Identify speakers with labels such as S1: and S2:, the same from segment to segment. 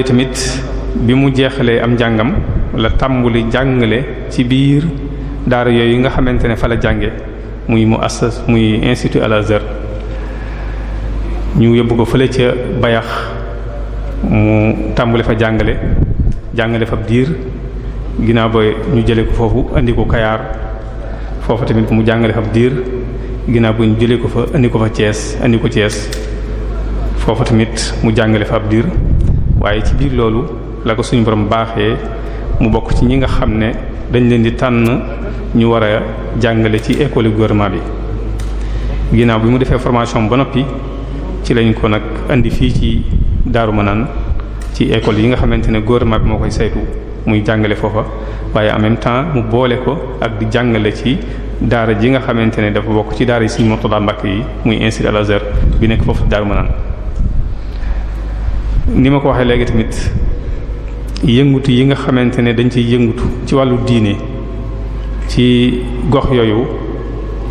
S1: tamit bi mu jeexalee am njàngam la tàmbuli jàngale ci biir daara yooyu nga xamante ne fa la jànge mu assas muy institut Al-Azhar ñu yóbbu ko fële ca bayax mu tàmbuli fa jàngale jàngale fa diir ginnaaw ba ñu jëlee foofu indi ko foofu tamit mu jàngale fa diir ginnaaw ba ñu jëlee ko fa indi ko fa Thiès indi ko foofu tamit mu jàngale fa ab diir waaye ci biir loolu la ko suñu borom baaxee mu bokk ci ñi nga xam ne dañ leen di tànn ñu war a jàngale ci école gouvernement bi. ginnaaw bi mu defee formation ba noppi ci lañ ko nag indi fii ci Daaru ma naan ci école yi nga xamante ne gouvernement bi moo koy saytu muy jàngale foofa waaye en même temps mu boole ko ak di jàngale ci daara ji nga xamante ne dafa bokk ci daara yi suñu Murtada Mbàkke yi muy Institut Al Azhar bi nekk foofu Daaru Manaan ni ma ko waxee léegi tamit yëngutu yi nga xamante ne dañ ciy yëngutu ci wàllu diine ci gox yooyu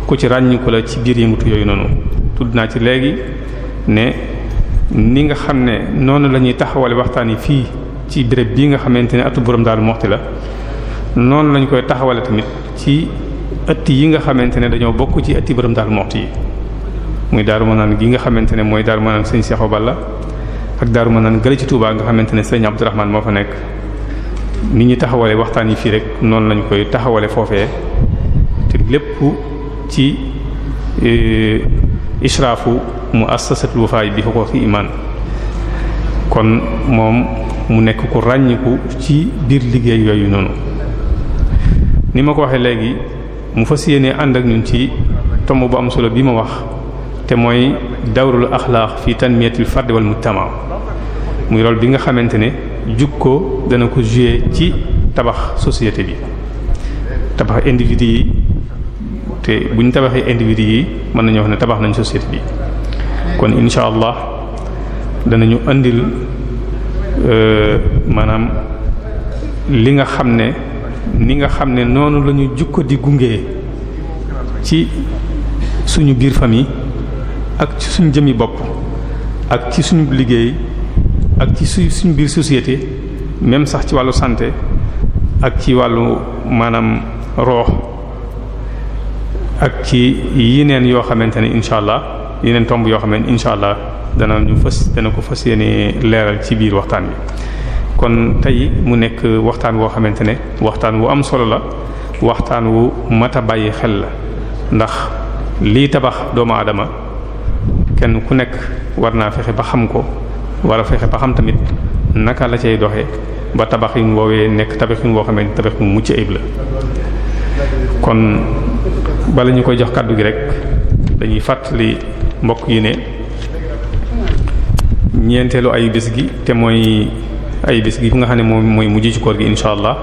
S1: ku ci ràññiku la ci biir yëngutu yooyu noonu tudd naa ci léegi ne ni nga xam ne noonu la ñuy taxawale waxtaan yi fii ci béréb bii nga xamante ne atu borom Daaru moxti la noonu lañ koy taxawale tamit ci ëtt yi nga xamante ne dañoo bokk ci ëtti borom Daaru Muxti yi muy Daaru Manaan gi nga xamante ne mooy Daaru Manaan Sëriñ Seexu Balla ak Daaru Manaan gële ci Touba nga xamante ne sëriñ Abdourahmane moo fa nekk nit ñi taxawale waxtaan yi fii rek noonu lañu koy taxawale foofee te lépp ci e, israafu mu assasatul Wafa bi huquqi iman kon moom mu nekk ko ràññiku ci biir liggéey yooyu noonu ni ma ko waxee léegi mu fas yéenee ànd ak ñun ci tomb bu am solo bi ma wax te mooy dawrul axlaaq fi tanmiyatil fard wal mujtama mu rôle bi nga xamante ne jukko dana ko jouer ci tabax société bi tabax individu yi te buñ tabaxee individu yi mën nañu wax ne tabax nañ société bi kon incha allah danañu andil euh, maanaam li nga xam ne ni nga xam ne noonu lañu jukko di gunge ci suñu biir famille ak ci suñu jëmmi bopp ak ci suñu liggéey ak ci suñu biir société même sax ci wàllu santé ak ci wàllu maanaam roox ak ci yeneen yoo xamante ne incha allah yeneen tomb yoo xamante ne incha allah dana ñu fas dana ko fas yéene leeral ci biir waxtaan wi. kon tey mu nekk waxtaan woo xamante ne waxtaan wu am solo la waxtaan wu mat a bàyyi xel la ndax lii tabax doomu aadama. kenn ku nekk war naa fexe ba xam ko war a fexe ba xam tamit naka la cay doxe ba tabax yu ngoowee nekk tabaxin woo xamee ni mucc ayib bala ñu koy jox kàddu gi rek dañuy fàttali mbokk yi ne ñeenteelu ay bis te mooy ay bis gi nga xam ne moom mooy mujj ci koor gi incha allah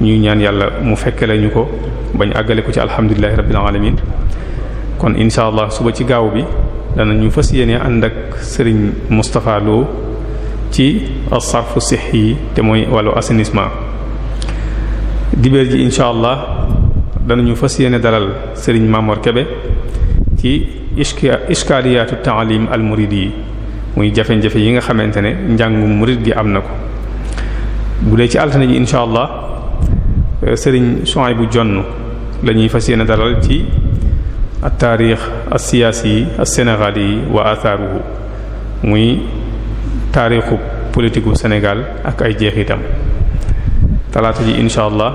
S1: ñuy ñaan yàlla mu fekke lañu ko bañ àggale ko ci alhamdulillahi rabbil alamin kon incha allah suba ci gaaw bi ñu fas yéene ànd ak sëriñ Moustapha Lo ci as-sarfu sihhi te mooy wàllu assainissement dibéer ji incha allah danañu fas yéene dalal sëriñ Mamor Kebe ci ishkaaliyaatu taalim al murid yi muy jafe-jafe yi nga xamante ne njàngum murid gi am na ko bu dee ci altine ji incha allah sëriñ bu Jonn lañuy fas yéene dalal ci at-taarix as-siyaasi as-sénégali wa athaaruhu muy taarixu politiku senegal ak ay jeexitam talaata ji incha allah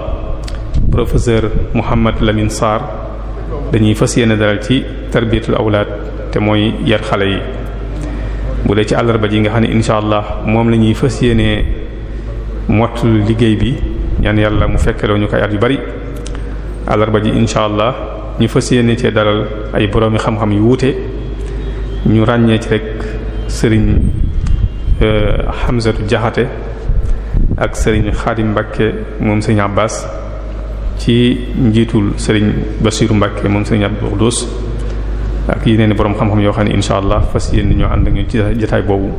S1: professeur Mouhamed lamin Sarr dañuy fas yéene dalal ci tarbiyatul awlaat te mooy yar xale yi bu dee ci àllarba yi nga xam ne incha allah moom la ñuy fas yéene mottul liggéey bi ñaan yàlla mu fekkeloo ñu koy at yu bari àllarba ji incha allah ñu fas yéene cee dalal ay boroomi xam-xam yu wuute ñu ràññee ci rekk sëriñ euh, Hamzatu Jaxate ak sëriñ Xaadim Mbàkke moom sëriñ Abbas ci njiitul sëriñ Basiiru Mbàkke moom sëriñ Abdul Xuddus ak yeneen boroom xam-xam yoo xam ne insha allah fas yéene ñoo ànd ak ñun ci jotaay boobu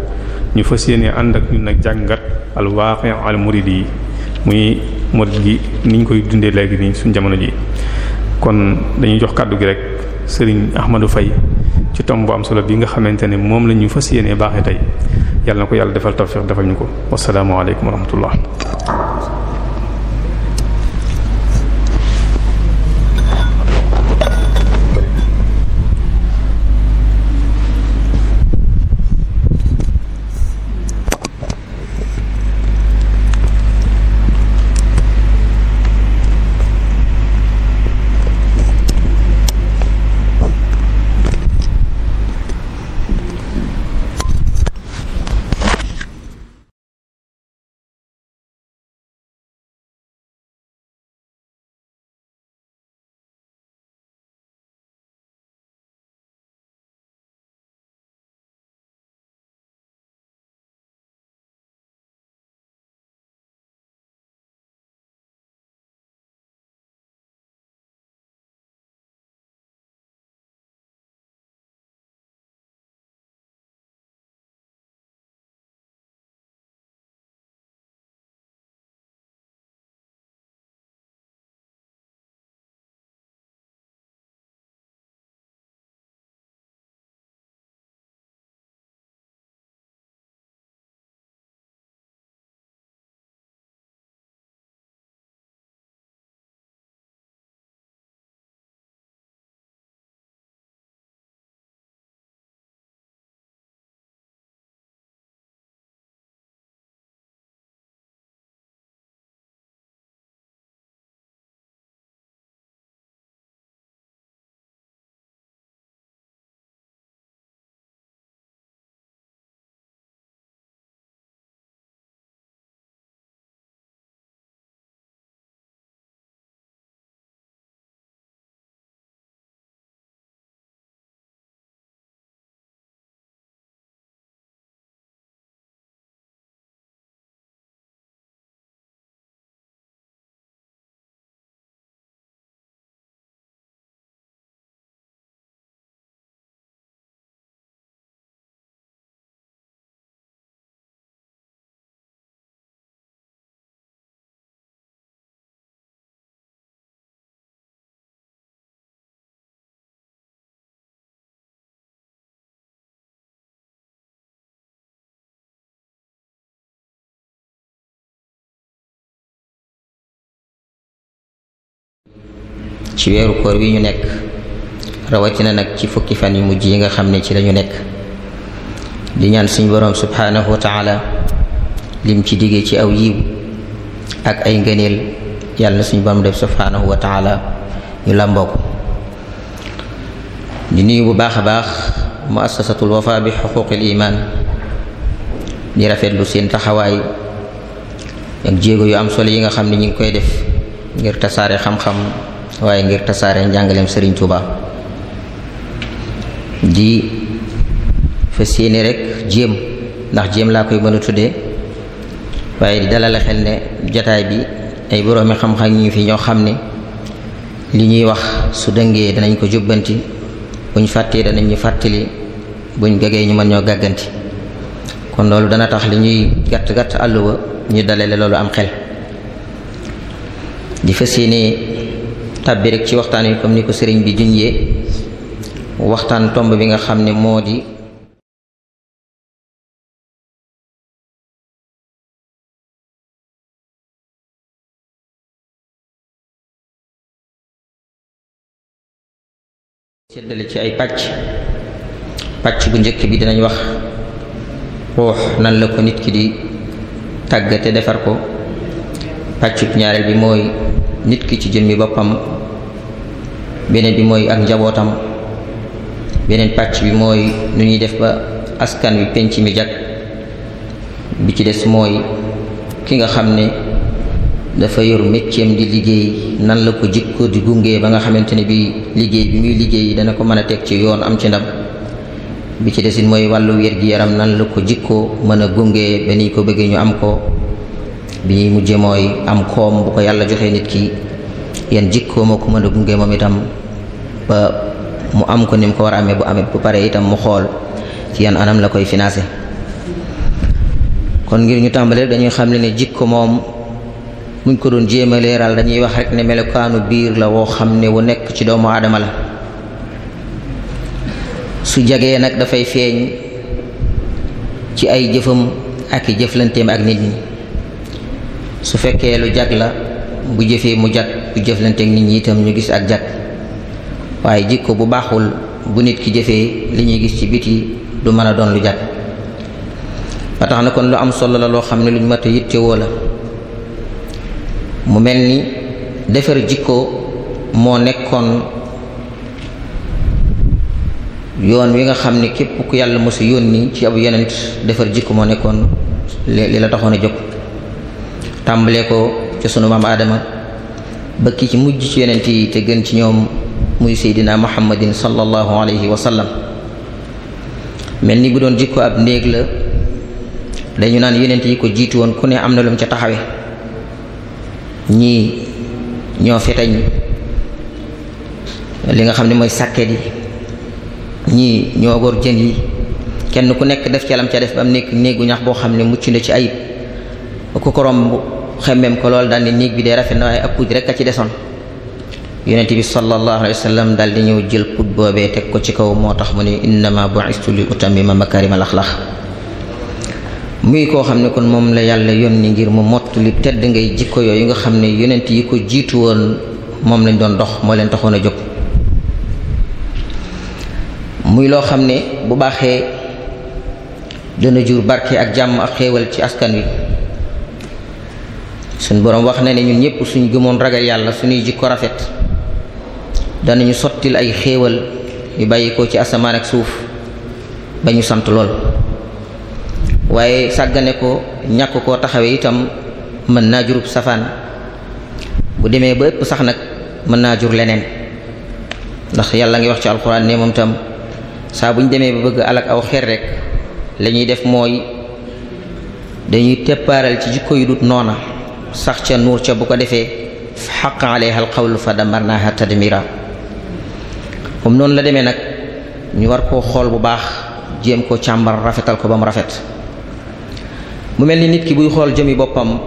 S1: ñu fas yéene ànd ak ñun nag jàngat al waaqi al muridi yi muy murid gi niñ koy dundee léegi nii suñ jamono ji kon dañuy jox kàddu gi rek sëriñ Ahmadou fay ci tomb bu am solo bi nga xamante ne moom la ñu fas yéenee baaxee tey yàlla na ko yàlla defal tawfiq defal ñu ko wasalaamualeykum wa rahmatullah ci weeru koor wi ñu nekk rawatina nag ci fukki fan yu mujj yi nga xam ne ci
S2: lañu nekk di ñaan suñu boroom subhaanahu wa taala lim ci diggee ci aw yiw ak ay ngëneel yàlla suñ suñu boroom def subhaanahu wa taala ñu làmboo ko di nuyu bu baax a baax muassasatul wafa bi xuquqil iman di rafetlu seen taxawaay ak jéego yu am solo yi nga xam ne ñu ngi koy def ngir tasaare xam-xam waaye ngir tasaare njàngaleem Serigne Touba di fas yéene rek jéem ndax jéem laa koy mën a tuddee waaye di dalal xel ne jataay bi ay boroomi xam-xam ñu fi ñoo xam ne li ñuy wax su dëngee danañ ko jubbanti buñ fàttee danañ ñu fàttali buñ gagee ñu mën ñoo gàgganti kon loolu dana tax li ñuy gàtt gàtt àlluwa ñu dalale loolu am xel di fas yéene
S1: tàbbi ci waxtaan wi comme ni ko sëriñ bi junjee waxtaan tomb bi nga xam ne moo di séddale ci ay pàcc pacc bu njëkk bi dinañ wax ruux nan la ko nit ki di
S2: tàggate defar ko pàcc bu ñaareel bi mooy nit ki ci jëmmi boppam beneen bi mooy ak njabootam beneen pàcc bi mooy nu ñuy def ba askan wi pénc mi jag bi ci des mooy ki nga xam ne dafa yor mécceem di liggéey nan la ko jikko di gunge ba nga xamante ne bi liggéey bi muy liggéey dana ko mën a teg ci yoon am ci ndam bi ci desit mooy wàllu wér gi yaram nan la ko jikkoo mën a gunge ba ni ko bëggee ñu am ko bi mu mujje mooy am koom bu ko yàlla joxee nit ki yan jikkoo moo ko a gunge moom itam ba mu am ko ni mu ko war a amee bu amee bu paree itam mu xool ci yan anam la koy financé kon ngir ñu tàmbalee dañuy xam ne ne jikko moom muñ ko doon jéem a leeral dañuy wax rek ne melokaanu biir la woo xam ne wu nekk ci doomu aadama la su jegee nag dafay feeñ ci ay jëfam ak i jëflanteem ak nit ñi su fekkee lu jag la bu jëfee mu jag bu jëflanteeg nit ñi itam ñu gis ak jag waaye jikko bu baaxul bu nit ki jëfee li ñuy gis ci biti du mën a doon lu jag ba tax na kon lu am solo la loo xam ne luñ mat a yittewoo la mu mel ni defar jikko moo nekkoon yoon wi nga xam ne képp ku yàlla mosu yónni ci ab yonent defar jikko moo nekkoon li la taxoon a jóg tàmbalee ko ci sunu maam aadama ba ki ci mujj ci yonent yi te gën ci ñoom muy seydina muhammadin sallallahu alayhi wa sallam mel ni bu doon jikko ab néeg la dañu naan yonent yi ko jiitu woon ku ne am na lum mu ca taxawe ñii ñoo fetañ li nga xam ne mooy sàkket yi ñii ñoo góor jën yi kenn ku nekk def calam ca def ba am nekk néegu ñax boo xam ne mucc na ci ayib ku ko romb xemmeem ko lool daal di néeg bi dee rafet na waaye ak puuj rek a ci desoon yonent bi sallallahu alayhi wa sallam daal di ñëw jël puuj boobee teg ko ci kaw moo tax mu ne innama bu'istu li utammima makarimal axlaq muy koo xam ne kon moom la yàlla yónni ngir mu mott li tedd ngay jikko yooyu nga xam ne yonent yi ko jiitu woon moom lañ doon dox moo leen taxoon a jóg muy loo xam ne bu baaxee dana jur barke ak jàmm ak xéewal ci askan wi suñ boroom wax na ne ñun ñëpp suñ gëmoon ragal yàlla suñuy jikko rafet danañu sottil ay xéewal yu bàyyi ko ci asamaan ak suuf ba ñu sant lool waaye sàggane ko ñàkk koo taxawee itam mën naa jurub safaan bu demee ba ëpp sax nag mën naa jur leneen ndax yàlla ngi wax ci alxuraan ne itam tam saa bu ñu demee ba bëgg alak aw xeer rek lañuy def mooy dañuy teppaaral ci jikko yu dut noona sax ca nuur ca bu ko defee xaq aleyha alqawlu fa damarnaha tadmira moom noonu la demee nag ñu war koo xool bu baax jéem ko càmbar rafetal ko ba mu rafet mu mel ni nit ki buy xool jëmi boppam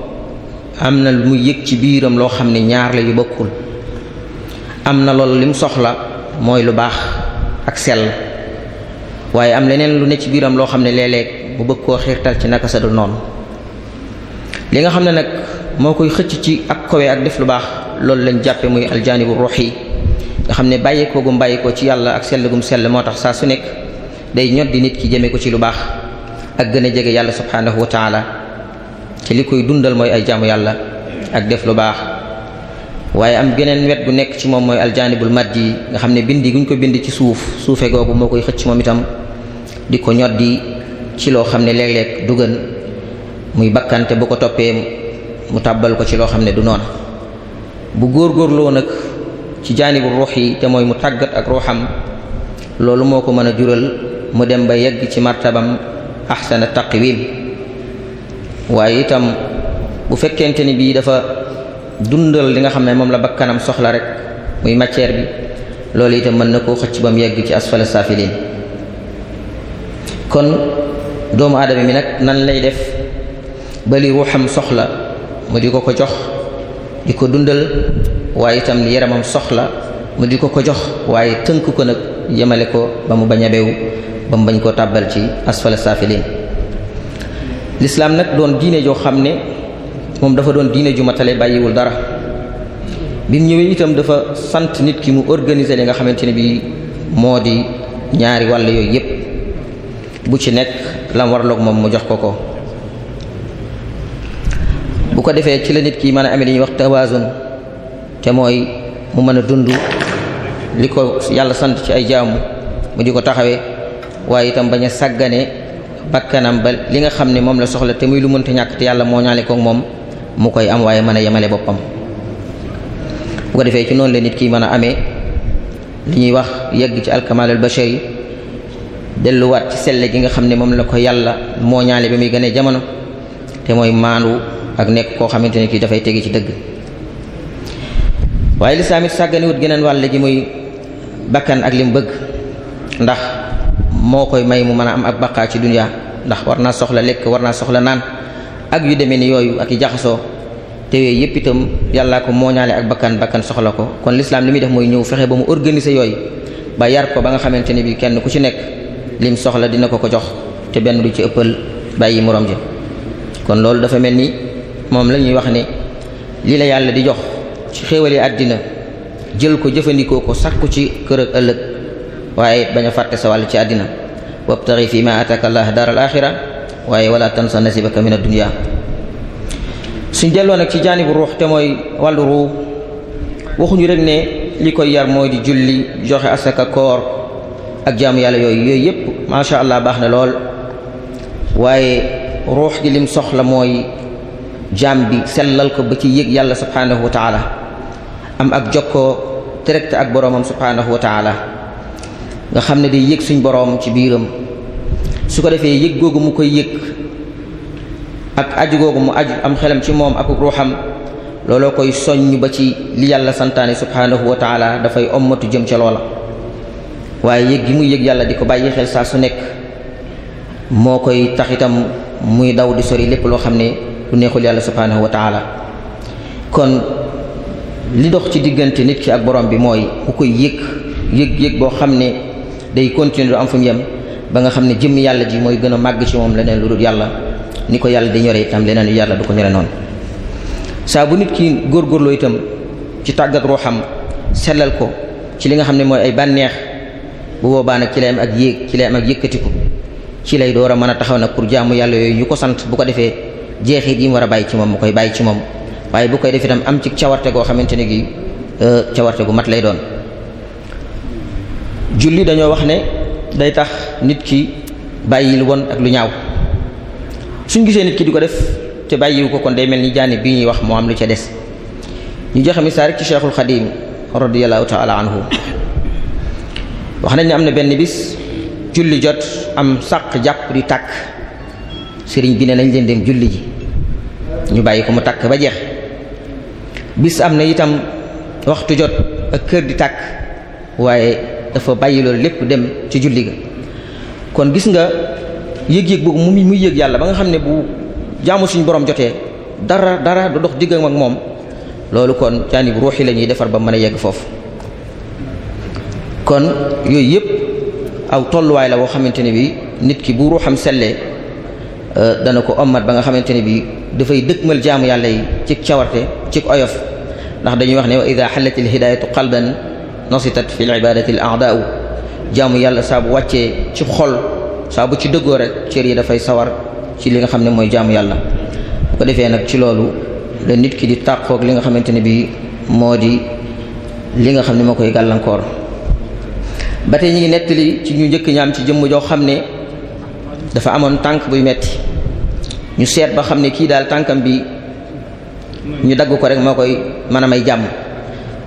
S2: am na lu mu yëg ci biiram loo xam ne ñaar la yu bokkul am na lool li mu soxla mooy lu baax ak sell waaye am leneen lu ne ci biiram loo xam ne léeg-léeg bu bëgg koo xiirtal ci naka sa du noonu li nga xam ne nag moo koy xëcc ci ak kowe ak def lu baax loolu lañ jàppe muy aljaanibu ruux yi nga xam ne bàyyeekoo gum bàyyeekoo ci yàlla ak sell gum sell moo tax saa su nekk day ñod di nit ki jëme ko ci lu baax ak gën a jege yàlla subhaanahu wa taala ci li koy dundal mooy ay jaamu yàlla ak def lu baax waaye am geneen wet gu nekk ci moom mooy aljaanibul maddi yi nga xam ne bind bindi guñ ko bind ci suuf suufe googu moo koy xëcc moom itam di ko ñoddi ci loo xam ne léeg-léeg muy bakkante bu ko toppee mu tàbbal ko ci loo xam ne du noona bu góorgóorloo nag ci jaanibu ruux yi te mooy mu tàggat ak ruuxam loolu moo ko mën a jural mu dem ba yegg ci martabam ahsana taqwim waaye itam bu fekkente ni bii dafa dundal li nga xam ne moom la bakkanam soxla rek muy matière bi loolu itam mën na koo xëcc ba mu yegg ci asfala safilin kon doomu aadama mi nag nan lay def bali ruuxam soxla mu di ko ko jox di ko dundal waaye itam li yaramam soxla mu di ko ko jox waaye tënk ko nag jëmale ko ba mu bañ a bewu ba mu bañ koo tàbbal ci asfala saafiliin lislaam nag doon diine joo xam ne moom dafa doon diine jumatale matale bàyyiwul dara bi ñëwee itam dafa sant nit ki mu organiser li nga xamante ne bi moo di ñaari wàll yooyu yépp bu ci nekk lam warloog moom mu jox ko ko bu ko defee ci la nit ki mën a amee li ñuy wax tawaasun te mooy mu mën a dund li ko yàlla sant ci ay jaamu mu di ko taxawee waaye itam bañ a sàggane bakkanam ba li nga xam ne moom la soxla te muy lu mënta ñàkk te yàlla moo ñaale ko moom mu koy am waaye mën a yemale boppam bu ko defee ci noonu la nit ki mën a amee li ñuy wax yëg ci alkamalul bashari delluwaat ci selle gi nga xam ne moom la ko yàlla moo ñaale ba muy gënee jamono te mooy maandu ak nekk koo xamante ne kii dafay tege ci dëgg waaye lislaam it sàgganiwut geneen wàll ji muy bakkan ak lim bëgg ndax moo koy may mu mën a am ak baqaa ci duniyaa ndax war naa soxla lekk war naa soxla naan ak yu demee ni yooyu ak i jaxasoo te yooyu yëpp itam yàllaa ko mooñaale ak bakkan bakkan soxla ko kon lislaam li muy def mooy ñëw fexe ba mu organiser yooyu ba yar ko ba nga xamante ne bi kenn ku ci nekk lim soxla dina ko ko jox te benn du ci ëppal bàyyi moroom ji moom la ñuy wax ne lii la yàlla di jox ci xéewali àddina jël ko jëfandikoo ko sakku ci kër ak ëllëg waaye it bañ a fàtte sa wàll ci àddina wabtaxi fi ma ataka allah daar al axira waaye wala tansa nasibaka min addunia suñ delloo nag ci jaanibu ruux te mooy wàllu ruux waxuñu rek ne li koy yar mooy di julli joxe asaka koor ak jaamu yàlla yooyu yooyu yépp macha allah baax na lool waaye ruux gi lim soxla mooy jaam bi sellal ko ba ci yéeg yàlla subhaanahu wa taala am ak jokkoo direct ak boroomam subhaanahu wa taala nga xam ne day yëg suñ boroom ci biiram su ko defee yëg googu mu koy yëg ak aju googu mu aju am xelam ci moom ak ruuxam looloo koy soññ ba ci li yàlla santaane subhaanahu wa taala dafay ommatu jëm ca loola waaye yëg gi muy yëg yàlla di ko bàyyi xel saa su nekk moo koy tax itam muy daw di sori lépp loo xam ne lu neexul yàlla subhaanahu wa taala kon li dox ci diggante nit ki ak borom bi mooy ku koy yëg yëg-yëg boo xam ne day continuer du am fu mu yem ba nga xam ne jëmm yàlla ji mooy gën a màgg ci moom leneen lu dul yàlla ni ko yàlla di ñore itam leneen yàlla du ko ñore noonu saa bu nit ki góorgóorloo itam ci tàggat ruuxam sellal ko ci li nga xam ne mooy ay bànneex bu boobaa nag ci lay ak yéeg ci lay am ak yëkkatiku ci lay door a mën a taxaw nag pour defee jeexit yi mu war a bàyyi ci moom mu koy bàyyi ci moom waaye bu koy def itam am ci cawarte goo xamante ne gi euh, cawarte gu mat lay doon julli dañoo wax ne day tax nit ki bàyyi lu ak lu ñaaw suñ gisee nit ki di ko def te bàyyiwu ko kon day mel ni jaani bii ñuy wax moo am lu ca des ñu joxe misaal rek ci cheikhul xadim radiallahu taala anhu wax nañ ne am na benn bis julli jot am sàq jàpp di tàkk sëriñ bi ne nañ leen dem julli ji ñu bàyyi ko mu takk ba jeex bis am na itam waxtu jot ak kër di tàkk waaye dafa bàyyi loolu lépp dem ci julli ga kon gis nga yëg-yëg boobu mu muy yëg yàlla ba nga xam ne bu jaamu suñu boroom jotee dara dara du dox diggam ak moom loolu kon jaanib ruuxi lañuy defar ba mën a yegg foofu kon yooyu yëpp aw tolluwaay la woo xamante ne bi nit ki bu ruuxam sellee Euh, dana ko ommat ba nga xamante ne bii dafay dëkkmal jaamu yàlla yi cig cawarte cig oyof ndax dañuy wax ne wa ida xalat il hidayatu qalban nasitat fi l ibadati l a'daa'u jaamu yàlla saa bu wàccee ci xol saa bu ci dëggoo rek cër yi dafay sawar ci li nga xam ne mooy jaamu yàlla bu ko defee nag ci loolu la nit ki di tàqook li nga xamante ne bii moo di li nga xam ne moo koy gàllankoor ba tey ñu ngi nettali ci ñu njëkk ñaam ci jëmm joo xam ne dafa amoon tànk buy metti ñu seet ba xam ne kii daal tànkam bi ñu dagg ko rek moo koy mën a may jàmm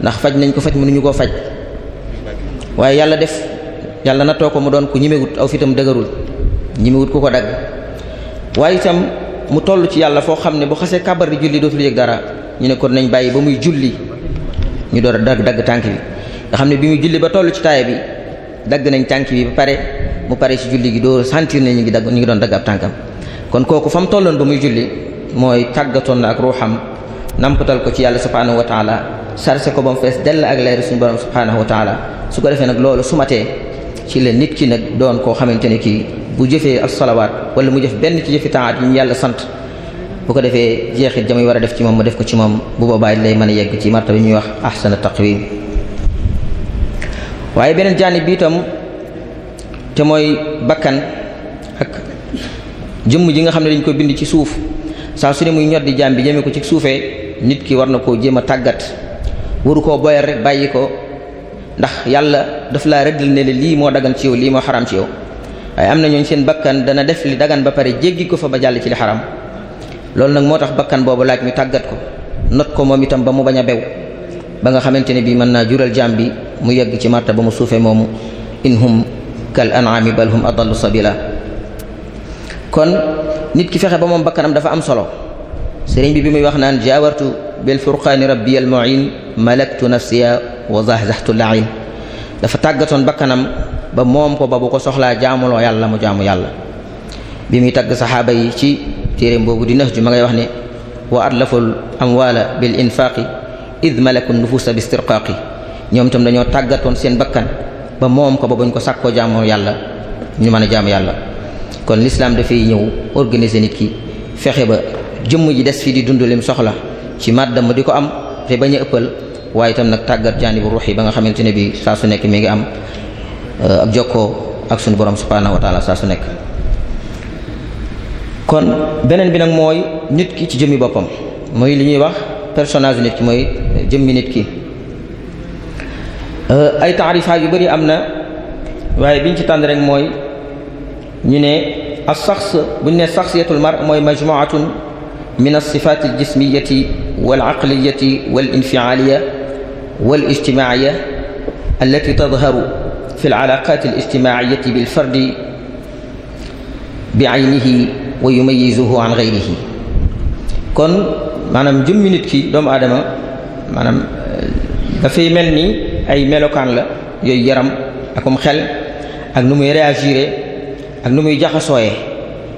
S2: ndax faj nañ ko faj mënuñu koo faj waaye yàlla def yàlla na too ko mu doon ku ñimewut aw fitam dëgërul ñimewut ku ko dagg waaye itam mu toll ci yàlla foo xam ne bu xasee kàbbar di julli dootul yëg dara ñu ne kon nañ bàyyi ba muy julli ñu door a dagg dagg tànk bi nga xam ne bi muy julli ba toll ci taaya bi dagg nañ tànk bi ba pare mu pare ci julli gi doo sentir ne ñu ngi dagg ñu ngi doon dagg ab tànkam kon kooku fa tolloon ba muy julli mooy tàggatoon na ak ruuxam nampatal ko ci yàlla subhaanahu wa taala sarse ko ba mu fees dell ak leer suñu borom subhaanahu wa su ko defee nag loolu sumatee ci la nit ki nag doon koo xamante ne kii bu jëfee ak salawaat wala mu jëf benn ci jëfi taat yi ñu yàlla sant bu ko defee jeexit jamuy war a def ci moom mu def ko ci moom bu boobaa lay mën a yegg ci martaba bi ñuy wax ahsana taqwim waaye beneen te mooy bakkan ak jëmm ji nga xam ne dañ ko bind ci suuf saa su ne muy ñoddi jaam bi jëmee ko ci suufee nit ki war na koo jéem a tàggat waru koo boyal bàyyi ko ndax yàlla daf laa rëddal ne la lii moo dagan ci yow lii moo xaram ci yow waaye am na ñooñ seen bakkan dana def li dagan ba pare jéggi ko fa ba jàll ci li xaram loolu nag moo tax bakkan boobu laaj mi tàggat ko not ko moom itam ba mu bañ a bew ba nga xamante ne bii mën naa jural jaam bi mu yegg ci marta ba mu suufee moomu kal an'ami bal hum adallu sabila kon nit ki fexe ba moom bakkanam dafa am solo sëriñ bi bi muy wax naan jaawartu bil furqaani rabbi al mu'in malaktu nafsiya wa zahzahtu la'in dafa tàggatoon bakkanam ba moom ko ba bu ko soxlaa jaamuloo yàlla mu jaamu yàlla bi muy tagg saxaaba yi ci téeréem boobu di nax ju ma ngay wax ne wa atlaful amwaala bil infaaqi id malaku nufuusa bi istirqaaqi ñoom itam dañoo tàggatoon seen bakkan ba moom ko ba bañ ko sàkkoo jaamu yàlla ñu mën a jaamu yàlla kon lislaam dafay ñëw organiser nit ki fexe ba jëmm ji des fi di dund lim soxla ci màddam di ko am te bañ a ëppal waaye itam nag tàggat jaani bu ruux yi ba nga xamante ne bi saa su nekk mi ngi am euh, ab jokkoo ak sunu borom subhaanahu wa saa su nekk kon beneen bi nag mooy nit ki ci jëmmi boppam mooy li ñuy wax personnage nit ki mooy jëmmi nit ki Euh, ay taarifaat yu bëri am na waaye biñ ci tànn rek mooy ñu ne as saxs buñ ne saxsiyatul mar mooy majmuatun min alsifaat aljismiyati walaqliyati walinfiaaliya walijtimaaiya allati tadharu fi alcalaqaat alijtimaaciyati bilfardi biaynihi wa yumayizuhu an gayrihi kon maanaam jëmmi nit ki doomu aadama maanaam euh, dafay mel ni ay melokaan la yooyu yaram akum xel ak nu muy réagir ak nu muy jaxasooyee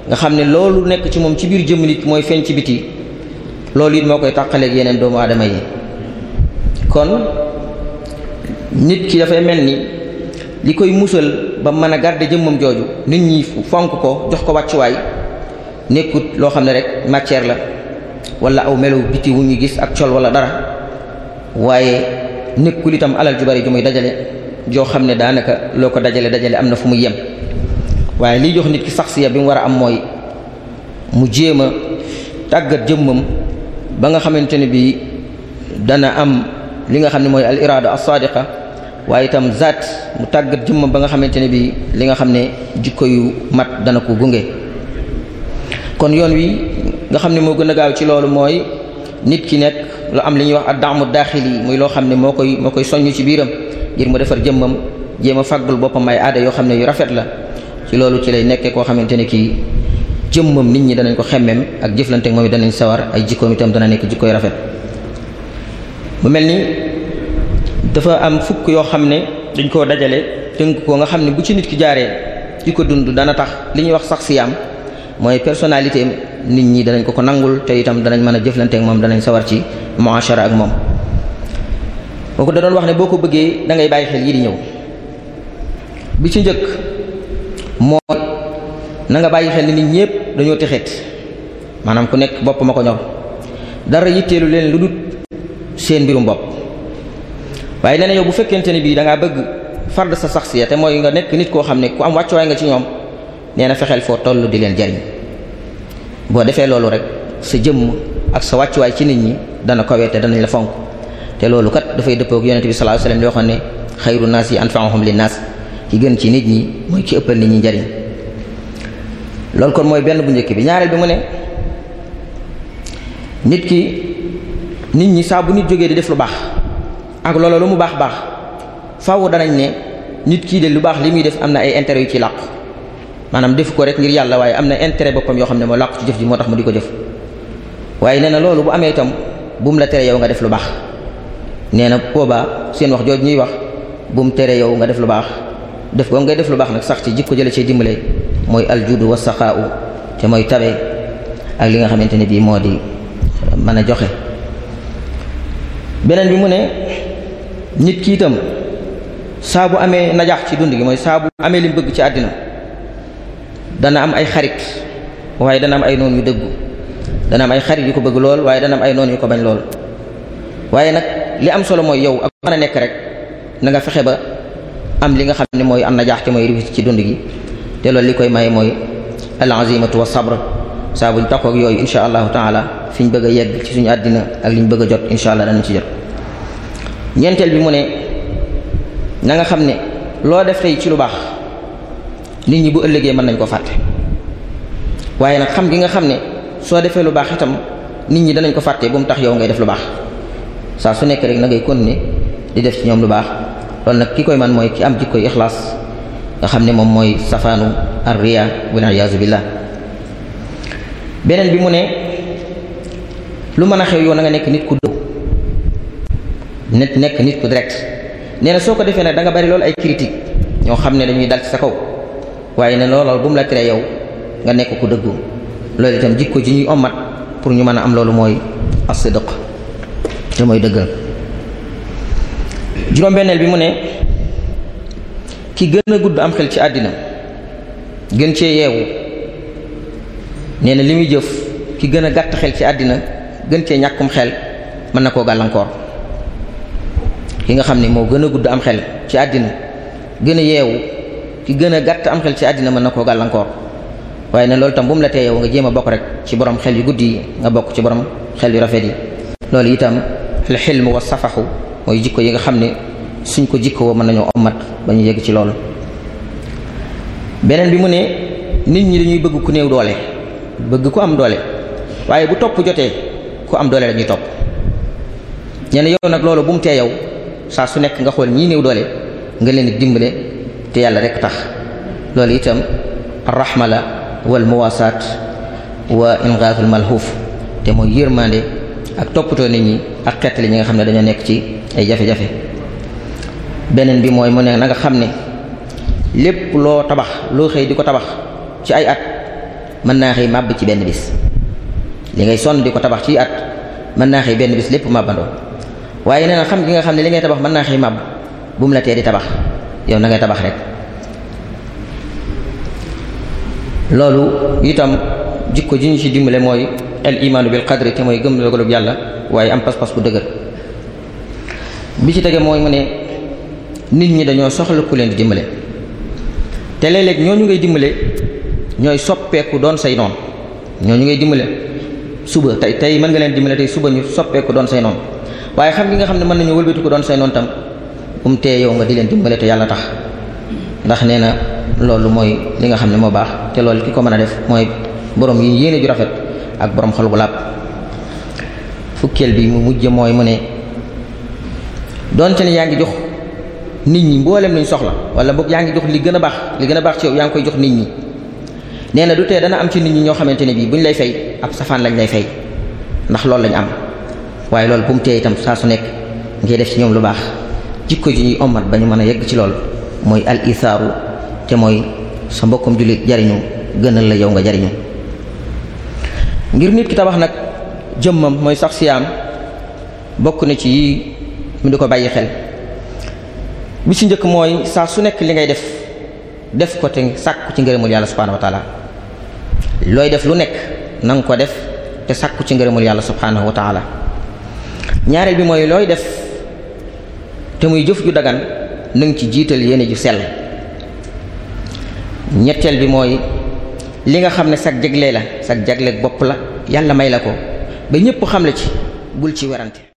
S2: nga xam ne loolu nekk ci moom ci biir jëmm nit mooy feeñ ci biti loolu it moo koy tàqaleeg yeneen doomu aadama yi kon nit ki dafay mel ni li koy musal ba mën a garder jëmmam jooju nit ñi fonk ko jox ko wàccuwaay nekkut loo xam ne rek matière la wala aw melo biti wu ñu gis ak col wala dara waaye nekkul itam alal ju bari ju muy dajale joo xam ne daanaka loo ko dajale dajale am na fu mu yem waaye liy jox nit ki saxsiya bi mu war a am mooy mu jéem a tàggat jëmmam ba nga xamante ne bii dana am li nga xam ne mooy al iraada as-saadiqa waaye itam zaat mu tàggat jëmmam ba nga xamante ne bii li nga xam ne jikko yu mat dana ko gunge kon yoon wi nga xam ne moo gën a gaaw ci loolu mooy nit ki nekk lu am li ñuy wax ad-da'mu daaxil yi muy loo xam ne moo koy moo koy soññ ci biiram ngir ma defar jëmmam jéema a fàggul boppam ay aada yoo xam ne yu rafet la ci loolu ci lay nekkee koo xamante ne kii jëmmam nit ñi danañ ko xemmeem ak jëflante moom it danañ sawar ay jikkoom itam dana nekk jikkoy rafet mu mel ni dafa am fukk yoo xam ne dañ koo dajale tënk ko nga xam ne bu ci nit ki jaaree di ko dund dana tax li ñuy wax sax siyaam mooy personnalité nit ñi danañ ko ko nangul te itam danañ mën a jëflante moom danañ sawar ci muashara ak moom boo ko doon wax ne boo ko bëggee dangay bàyyi xel yi di ñëw bi ci njëkk mooy na nga bàyyi xel ni nit ñépp dañoo texeet maanaam ku nekk bopp ma ko ñor dara yitteelu leen lu dut seen mbirum bopp waaye nee na yow bu fekkente ne bii dangaa ngaa bëgg fard sa saxsiya te mooy nga nekk nit koo xam ne ku am wàccuwaay nga ci ñoom nee na fexeel foo toll di leen jariñ boo defee loolu rek sa jëmm ak sa wàccuwaay ci nit ñi dana ko weete danañ la fonk te loolu kat dafay dëppoo ak yonent bi sallallahu alayhi wasallam li waxoon ne xayru naas yi anfa'uhum linnaas ki gën ci nit ñi mooy ki ëppal nit ñi njariñ loolu kon mooy benn bu njëkk bi ñaareel bi mu ne nit ki nit ñi saa bu nit jógee di def lu baax ak loola lu mu baax baax faaw danañ ne nit kii de lu baax li muy def am na ay intérêt yu ci làqu maanaam def ko rek ngir yàlla waaye am na intérêt boppam yoo xam ne moo làqu ci jëf ji moo tax mu di ko jëf waaye nee na loolu bu amee itam bu mu la tere yow nga def lu baax nee na boobaa seen wax jooj ñuy wax bu mu tere yow nga def lu baax def ko ngay def lu baax nag sax ci ko jële ci dimbale mooy aljudu wa saxaau te mooy tabe ak li nga xamante ne bii moo di mën a joxe beneen bi mu ne nit ki itam saa bu amee najaax ci dund gi mooy saa bu amee li mu bëgg ci àddina dana am ay xarit waaye dana am ay noon yu dëggu dana am ay xarit yu ko bëgg lool waaye dana am ay noon yu ko bañ lool waaye nag li am solo mooy yow ak mën a nekk rek na nga fexe ba am li nga xam ne mooy am na jaax te mooy réussite ci dund gi te lool li koy maye mooy al azimatu wa sabr saa buñ takk ak yooyu insha allahu taala fi ñu bëgg a yegg ci suñu àddina ak li ñu bëgg a jot insha allah danañ ci jot ñeenteel bi mu ne na xam ne loo def ci lu baax nit ñi bu ëllëgee mën nañ ko fàtte waaye nag xam gi nga xam ne soo defee lu baax itam nit ñi danañ ko fàtte bu mu tax yow ngay def lu baax saa su nekk rek na ngay continuer di def ci ñoom lu baax loolu nag ki koy man mooy ki am jikkoy ixlaas nga xam ne moom mooy safaanu arriya wal iyaazu billah beneen bi mu ne lu mën a xew yow na nga nekk nit ku dëgg nit nekk nit ku direct nee na soo ko defee nag da nga bari loolu ay critique ñoo xam ne dañuy dal ci sa kaw waaye ne looloo bu mu la tere yow nga nekk ku dëggu loolu itam jikko ji ñuy ommat pour ñu mën a am loolu mooy as-sidq te mooy dëggal juróom-benneel bi mu ne ki gën a gudd am xel ci àddina gën cee yeewu nee na li muy jëf ki gën a gàtt ci àddina gën cee ñàkkum xel mën na koo gàllankoor ki nga xam ne moo gën a gudd am xel ci àddina gën a yeewu ki gën a gàtt am xel ci àddina mën na koo gàllankoor waaye ne loolu tam bu mu la tee yow nga jéem bokk rek ci borom xel yu guddi yi nga bokk ci borom xel yu rafet yi loolu itam alxilm wa safaxu mooy jikko yi nga xam ne suñ ko jikkoo mën nañoo ommat ba ñu yegg ci loolu beneen bi mu ne nit ñi dañuy bëgg ku néew doole bëgg ku am doole waaye bu topp jotee ku am doole dañuy topp ñenn yow nag loolu bu mu tee yow saa su nekk nga xool ñii néew leen dimbale te yàlla rek tax loolu itam rahma la wal muwasaat wa ingaasul malhuuf te mooy yërmande ak toppatoo nit ñi ak xettali ñi nga xam ne dañoo nekk ci ay jafe-jafe beneen bi mooy mu ne nanga xam ne lépp loo tabax loo xëy di ko tabax ci ay at mën naa xëy màbb ci benn bis li ngay sonn di ko tabax ci at mën naa xëy benn bis lépp màbbandoo waaye nee na xam gi nga xam ne li ngay tabax mën naa xëy màbb bu mu la tee di tabax yow na nga tabax rek loolu itam jikko ji ñu ci dimbale mooy al imaanu bil qadri te mooy gëm dogalub yàlla waaye am pas-pas bu dëgër bi ci tegee mooy ma ne nit ñi dañoo soxla ku leen di dimbale te léeg ñoo ñu ngay dimbale ñooy soppeeku doon say noon ñu ngay dimbale suba te tey mën nga leen dimbale tey suba ñu soppeeku doon say noon waaye xam gi nga xam ne mën nañu wëlbatiku doon say noon tam um tee yow nga di leen dimbale te yàlla tax ndax nee na loolu mooy li nga xam ne moo baax te loolu ki ko mën a def mooy boroom yi yéene ju rafet ak boroom xol bu làpp fukkeel bi mu mujj mooy mu ne donte ne yaa ngi jox nit ñi mboolem luñ soxla wala boog yaa ngi jox li gën a baax li gën a baax ci yow yaa ngi koy jox nit ñi nee na du tee dana am ci nit ñi ñoo xamante ne bii buñ lay fay ab safaan lañ lay fay ndax loolu lañ am waaye loolu bu mu tee itam saa su nekk ngay def ñoom lu baax. jikko ji ñuy ommat ba ñu mën a yegg ci loolu mooy al isaaru te mooy sa mbokkum jullit jariñu gënal la yow nga jariñu ngir nit ki tabax nag jëmmam mooy sax siyaam bokk na ci yi mu di ko bàyyi xel bi ci njëkk mooy saa su nekk li ngay def def ko te sàkku ci ngërëmul yàlla subhanahu wa looy def lu nekk nanga ko def te sàkku ci ngërëmul yàlla subhanahu wa ñaareel bi mooy looy def te muy jëf ju dagan na nga ci jiital yéene ju sell ñetteel bi mooy li nga xam ne sag jagle la sag jagle bopp la yàlla may la ko ba ñépp xam
S1: la ci bul ci werante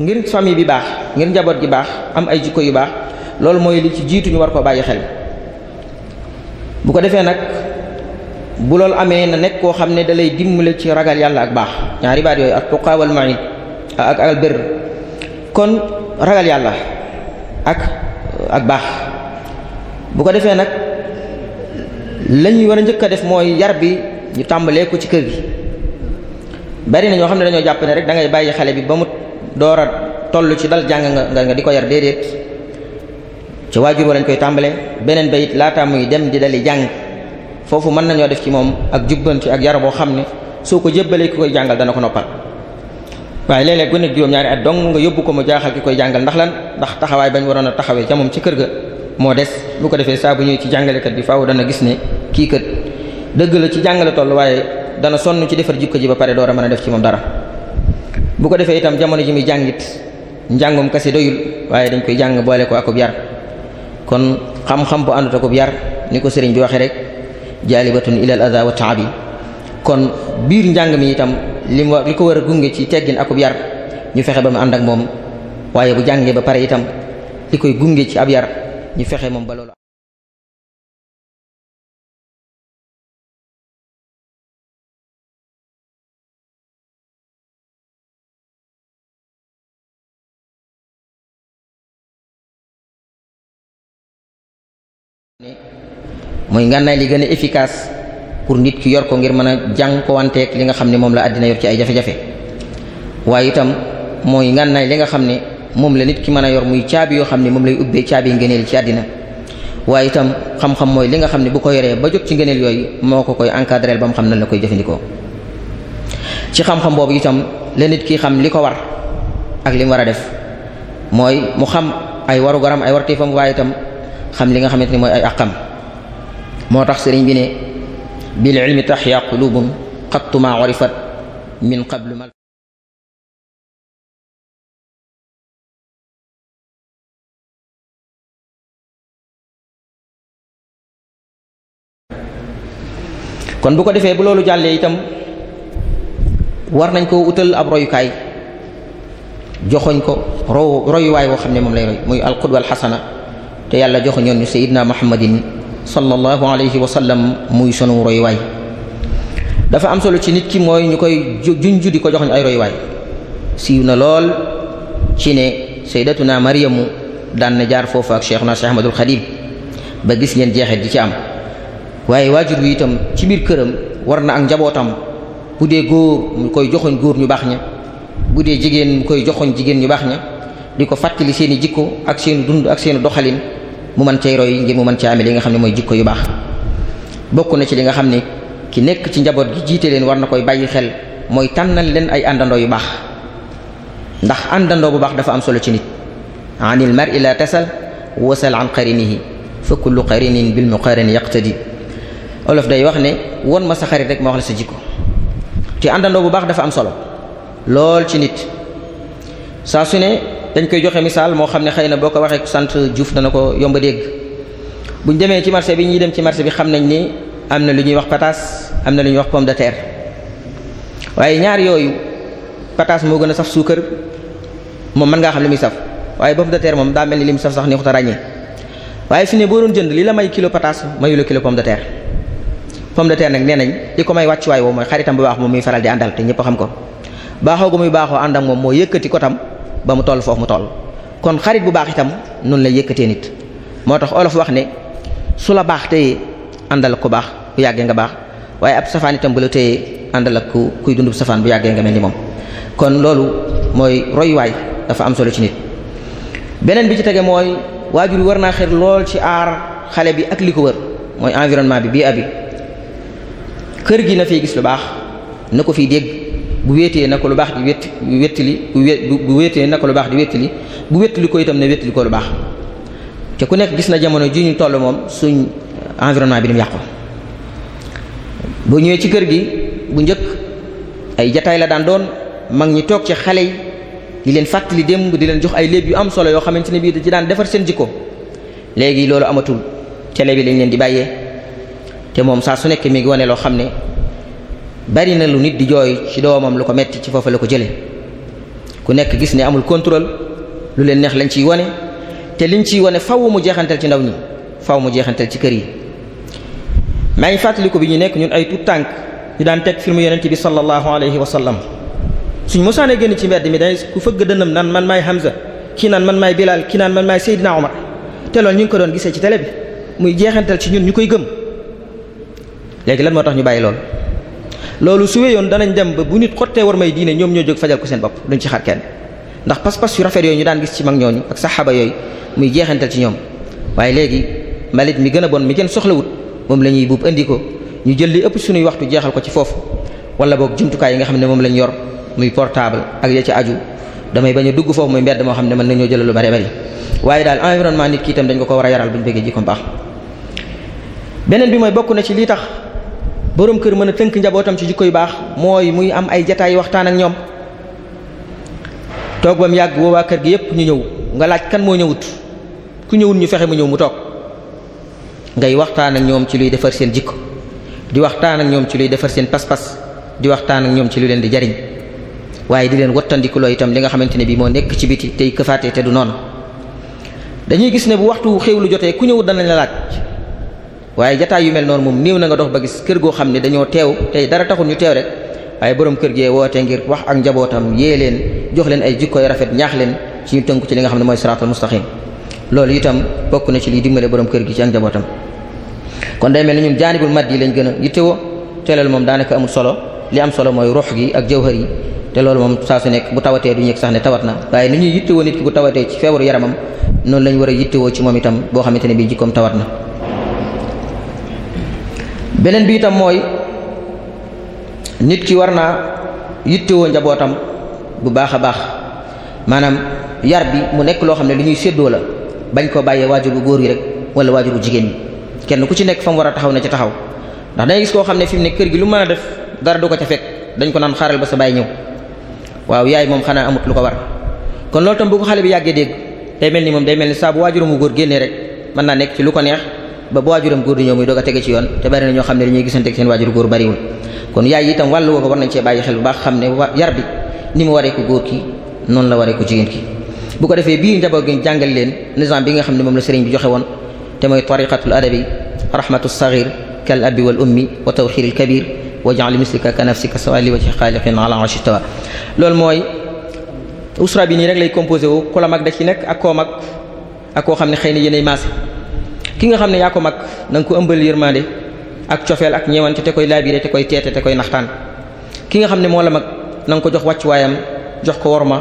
S1: ngir famille bi baax ngir njaboot gi baax am ay jikko yu baax loolu
S2: mooy li ci jiitu ñu war koo bàyyi xel bu ko defee nag bu loolu amee na nekk koo xam ne dalay lay ci ragal yàlla ak baax ñaari baat yooyu ak tuqaa wal maani ak ak kon ragal yàlla ak ak baax bu ko defee nag lañuy war a njëkk a def mooy yar bi ñu tàmbalee ko ci kër gi bari na ñoo xam ne dañoo jàpp ne rek da bàyyi xale bi ba mu door a toll ci dal jàng nga nga di ko yar déedéet ci waajur wa lañ koy tàmbale beneen ba it laata muy dem di dali jàng foofu mën nañoo def ci moom ak jubbanti ak yar boo xam ne soo ko jébbalee ki koy jàngal dana ko noppal waaye léeg-léeg gone juróom-ñaari at dong nga yóbbu ko mu jaaxal ki koy jàngal ndax lan ndax taxawaay bañ waroon a taxawee ca moom ci kër ga moo des bu ko defee saa bu ci jàngalekat bi faaw dana gis ne kii kët dëgg la ci jàngale toll waaye dana sonn ci defar jikko ji ba pare door a mën a def ci moom dara bu ko defee itam jamono ji muy jàngit njàngum kese doyul waaye dañ koy jàng boole ko akub yar kon xam-xam bu àndut akub yar ni ko sëriñ bi waxee rek jaalibatun ilal ada wa taabi kon biir njàng mi itam li mu li ko war a gunge ci teggin akub yar ñu fexe ba mu ànd ak moom waaye bu jàngee ba pare itam li koy gunge ci ab yar
S1: ñu fexe moom ba loolu mooy ngànnaay li gën a efficace pour
S2: nit ki yor ko ngir mën a jàng ko li nga xam ne moom la àddina yor ci ay jafe-jafe waaye itam mooy ngànnaay li nga xam ne moom la nit ki mën a yor muy caabi yoo xam ne moom lay ubbee caabi ngëneel ci àddina waaye itam xam-xam mooy li nga xam ne bu ko yoree ba jot ci ngëneel yooyu moo ko koy encadré ba mu xam na la koy jëfandikoo ci xam-xam boobu itam la nit ki xam li ko war ak li mu war a def mooy mu xam ay waru garam ay warteefam waaye itam xam li nga xamante ni mooy ay àqam moo tax sëriñ bi ne bil
S1: ilmi taxya qulubum xattuma orifat min qablu mal
S2: kon bu ko defee bu loolu jàllee itam war nañ koo utal ab royukaay joxoñ ko row royuwaay woo xam ne moom lay roy muy alqudwa alxasana te yàlla joxoñoon ñu sayidna muhammadin sallallahu alayhi wa sallam muy sunu royuwaay dafa am solo ci nit ki mooy ñu koy junju di ko jox ñu ay royuwaay siiw na lool ci ne saydatuna maryamu daan na jaar foofu ak cheikhuna cheikh ahmadul xadim ba gis ngeen jeexet di ci am waaye waajur wi itam ci biir këram war na ak njabootam bu dee góor mu koy joxoñ góor ñu baax ña bu dee jigéen mu koy joxoñ jigéen ñu baax ña di ko fàttali seeni jikko ak seeni dund ak seeni doxalin mu mën cee roy ngir mu mën cee amee li nga xam ne mooy jikko yu baax bokk na ci li nga xam ne ki nekk ci njaboot gi jiite leen war na koy bàyyi xel mooy tànnal leen ay àndandoo yu baax ndax àndandoo bu baax dafa am solo ci nit anil mar'i la tasal wasal an qarinihi fa kullu qarinin bil muqarini yaqtadi olof day wax ne won ma sa rek ma wax la sa jikko àndandoo bu baax dafa am solo lool ci nit saa su ne dañ koy joxe misaal moo xam ne xëy na boo ko waxee sant Diouf dana ko yomb a dégg ñu demee ci marché bi ñuy dem ci marché bi xam nañ ni am na lu ñuy wax pataas am na lu ñuy wax pomme de terre waaye ñaar yooyu pataas moo gën a saf suukar moom mën ngaa xam li muy saf waaye pomme de terre moom daa mel ni li muy saf sax neexut a ràññee waaye fi ne boo doon jënd li la may kilo pataas mayu la kilo pomme de terre pomme de terre nag nee nañ li ko may wàccuwaay woo mooy xaritam bu baax moom muy faral te ñëpp xam ko baaxoo gu muy baaxoo ànd ak moom ba mu toll foofu mu toll kon xarit bu baax itam noonu lay yëkkatee nit moo tax olof wax ne su la baax téye àndal ku baax bu yàggee nga baax waaye ab safaan itam bu la téye àndal ak ku kuy dundub safaan bu yàggee nga mel ni moom kon loolu mooy royuwaay dafa am solo ci nit beneen bi ci tege mooy waajur yi war naa xër lool ci aar xale bi ak li ko wër mooy environnement bi bii abi kër gi na fiy gis lu baax na ko fii dégg bu wéetee na ko lu baax di wét wéttali bu wéetee na ko lu baax di wéttali bu wéttali ko itam ne wéttali ko lu baax te ku nekk gis na jamono ji ñu toll moom suñ environnement bi ni mu yàqu bu ñëwee ci kër gi bu njëkk ay jataay la daan doon mag ñi toog ci xale yi di leen fàttali démb di leen jox ay léeb yu am solo yoo xamante ne bii da daan defar seen jikko léegi loolu amatul télé bi lañ leen di bàyyee te moom saa su nekkee mi ngi wane loo xam ne bari na lu nit di jooy ci doomam lu ko metti ci foofa la ko jële ku nekk gis ne amul contrôle lu leen neex lañ ciy wane te liñ ciy wane faw mu jeexantal ci ndaw ñi faw mu jeexantal ci kër yi maa ngi fàttaliku bi ñu nekk ñun ay tuut tànk ñu daan teg film yonent bi sallallahu alayhi wa sallam suñ mosaane génn ci mbedd mi day ku fëgg dënam naan man maay Hamza kii naan man maay Bilal kii naan man maay seydinaa Omar te loolu ñu ngi ko doon gisee ci télé muy jeexantal ci ñun ñu koy gëm lan moo tax ñu bàyyi loolu loolu su wéyoon danañ dem ba bu nit xottee war may diine ñoom ñoo jóg fajal ko seen bopp duñ ci xar kenn ndax pas-pas yu rafet yooyu ñu daan gis ci mag ñooñu ak saxaaba yooyu muy jeexantal ci ñoom waaye léegi mbalit mi gën a bon mi kenn soxlawut moom la ñuy buub indi ko ñu jël li ëpp suñuy waxtu jeexal ko ci foofu wala boog jumtukaay yi nga xam ne moom lañ yor muy portable ak ya ci aju damay bañ dugg foofu muy mbedd moo xam ne mën nañoo jël lu bari bari waaye daal environnement nit ki itam dañ ko ko war a yaral bu ko boroom kër mën a tënk njabootam ci jikko yu baax mooy muy am ay jataay waxtaan ak ñoom toog ba yàgg woo waa kër gi yépp ñu ñëw nga laaj kan moo ñëwut ku ñëwul ñu fexe mu ñëw mu toog ngay waxtaan ak ñoom ci luy defar seen jikko di waxtaan ak ñoom ci luy defar seen pas-pas di waxtaan ak ñoom ci lu leen di jariñ waaye di leen wattandikuloo itam li nga xamante ne bii moo nekk ci biti tey këfaatee te du noonu dañuy gis ne bu waxtu xéwlu jotee ku ñëwut danañ la waaye jataay yu mel noonu moom néew na nga dox ba kër goo xam ne dañoo teew tey dara taxul ñu teew rek waaye borom kër gee woote ngir wax ak njabootam yée leen jox leen ay jikko rafet ñaax leen ci ñu tënku ci li nga xam ne mooy siraatal mustaqim loolu itam bokk na ci liy dimbale boroom kër gi ci ak njabootam kon day mel ni ñun yi maddi lañ gën a yittewoo te loolu moom daanaka amul solo li am solo mooy ruux gi ak jawhar yi te loolu moom saa su nekk bu tawatee du ñëkk ne tawat na waaye ni ñuy yittewoo nit ki bu tawatee ci feebaru yaramam noonu lañ war a yittewoo ci moom itam boo xamante ne bii jikkoom tawat na beneen bi itam mooy nit ki war naa yittewoo njabootam bu baax a baax maanaam yar bi mu nekk loo xam ne lu ñuy séddoo la bañ koo bàyyee waajur bu góor yi rek wala waajur bu jigéen ñi kenn ku ci nekk fa mu war a taxaw na ci taxaw ndax dangay gis koo xam ne fi mu ne kër gi lu mën a def dara du ko ca fekk dañ ko naan xaaral ba sa baay ñëw waaw yaay moom xanaa amut lu ko war kon loolu tam bu xale bi yàggee dégg day mel ni moom day mel ni saa bu waajur mu góor génnee rek mën naa nekk ci lu ko neex ba bu waajuram góor di ñëw muy doog a te bari xam ne dañuy gisanteeg seen waajur góor bariwul kon yaay itam wàllu woo ko war xel bu xam ne yar ni mu waree góor ki noonu la waree ko jigéen bu ko defee bii njaboot gi jàngal leen nizam bi nga xam ne moom la sëriñ bi joxe woon te mooy tariqatul adabi rahmatu sagir kal abi wal ummi wa tawxiril kabir wa jaal mislika ka nafsika sawa li wajhi xaaliqin ala ashtawa loolu mooy usra bi nii rek lay composé wu ku la mag da ci nekk koo mag ak koo na yéenay maase ki nga xam ne yaa ko mag na ko ëmbal yërmande ak cofeel ak ñeewante te koy laabire te koy teete te koy naxtaan ki nga xam ne moo la mag na nga ko jox wàcc waayam jox ko ma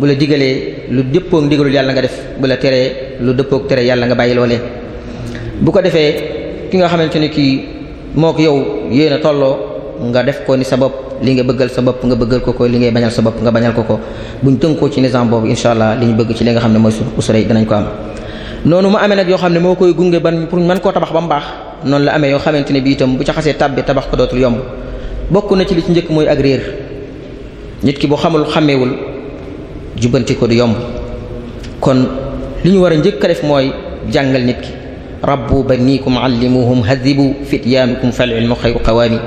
S2: bu la digalee lu dëppoog ndigalul yàlla nga def bu la teree lu dëppoog tere yàlla nga bàyyi loolee bu ko defee ki nga xamante ni kii mook yow yéen a tolloo nga def ko ni sa bopp li nga bëggal sa bopp nga bëggal ko ko li ngay bañal sa bopp nga bañal ko ko buñ tënkoo ci nizaam boobu incha allah li ñu bëgg ci li nga xam ne mooy su usra ko noonu mu amee nag yoo xam ne moo koy gunge ban pour mën koo tabax ba mu baax noonu la amee yoo xamante ne bi itam bu ca xasee tàbbi tabax ko dootul yomb bokk na ci li ci njëkk mooy ak réer nit ki bu xamul xàmmeewul jubbanti ko du yomb kon li ñuy war a njëkk a def mooy jàngal nit ki rabbu baniikum allimuhum hadibu fityaanukum fal ilmu xayru qawaami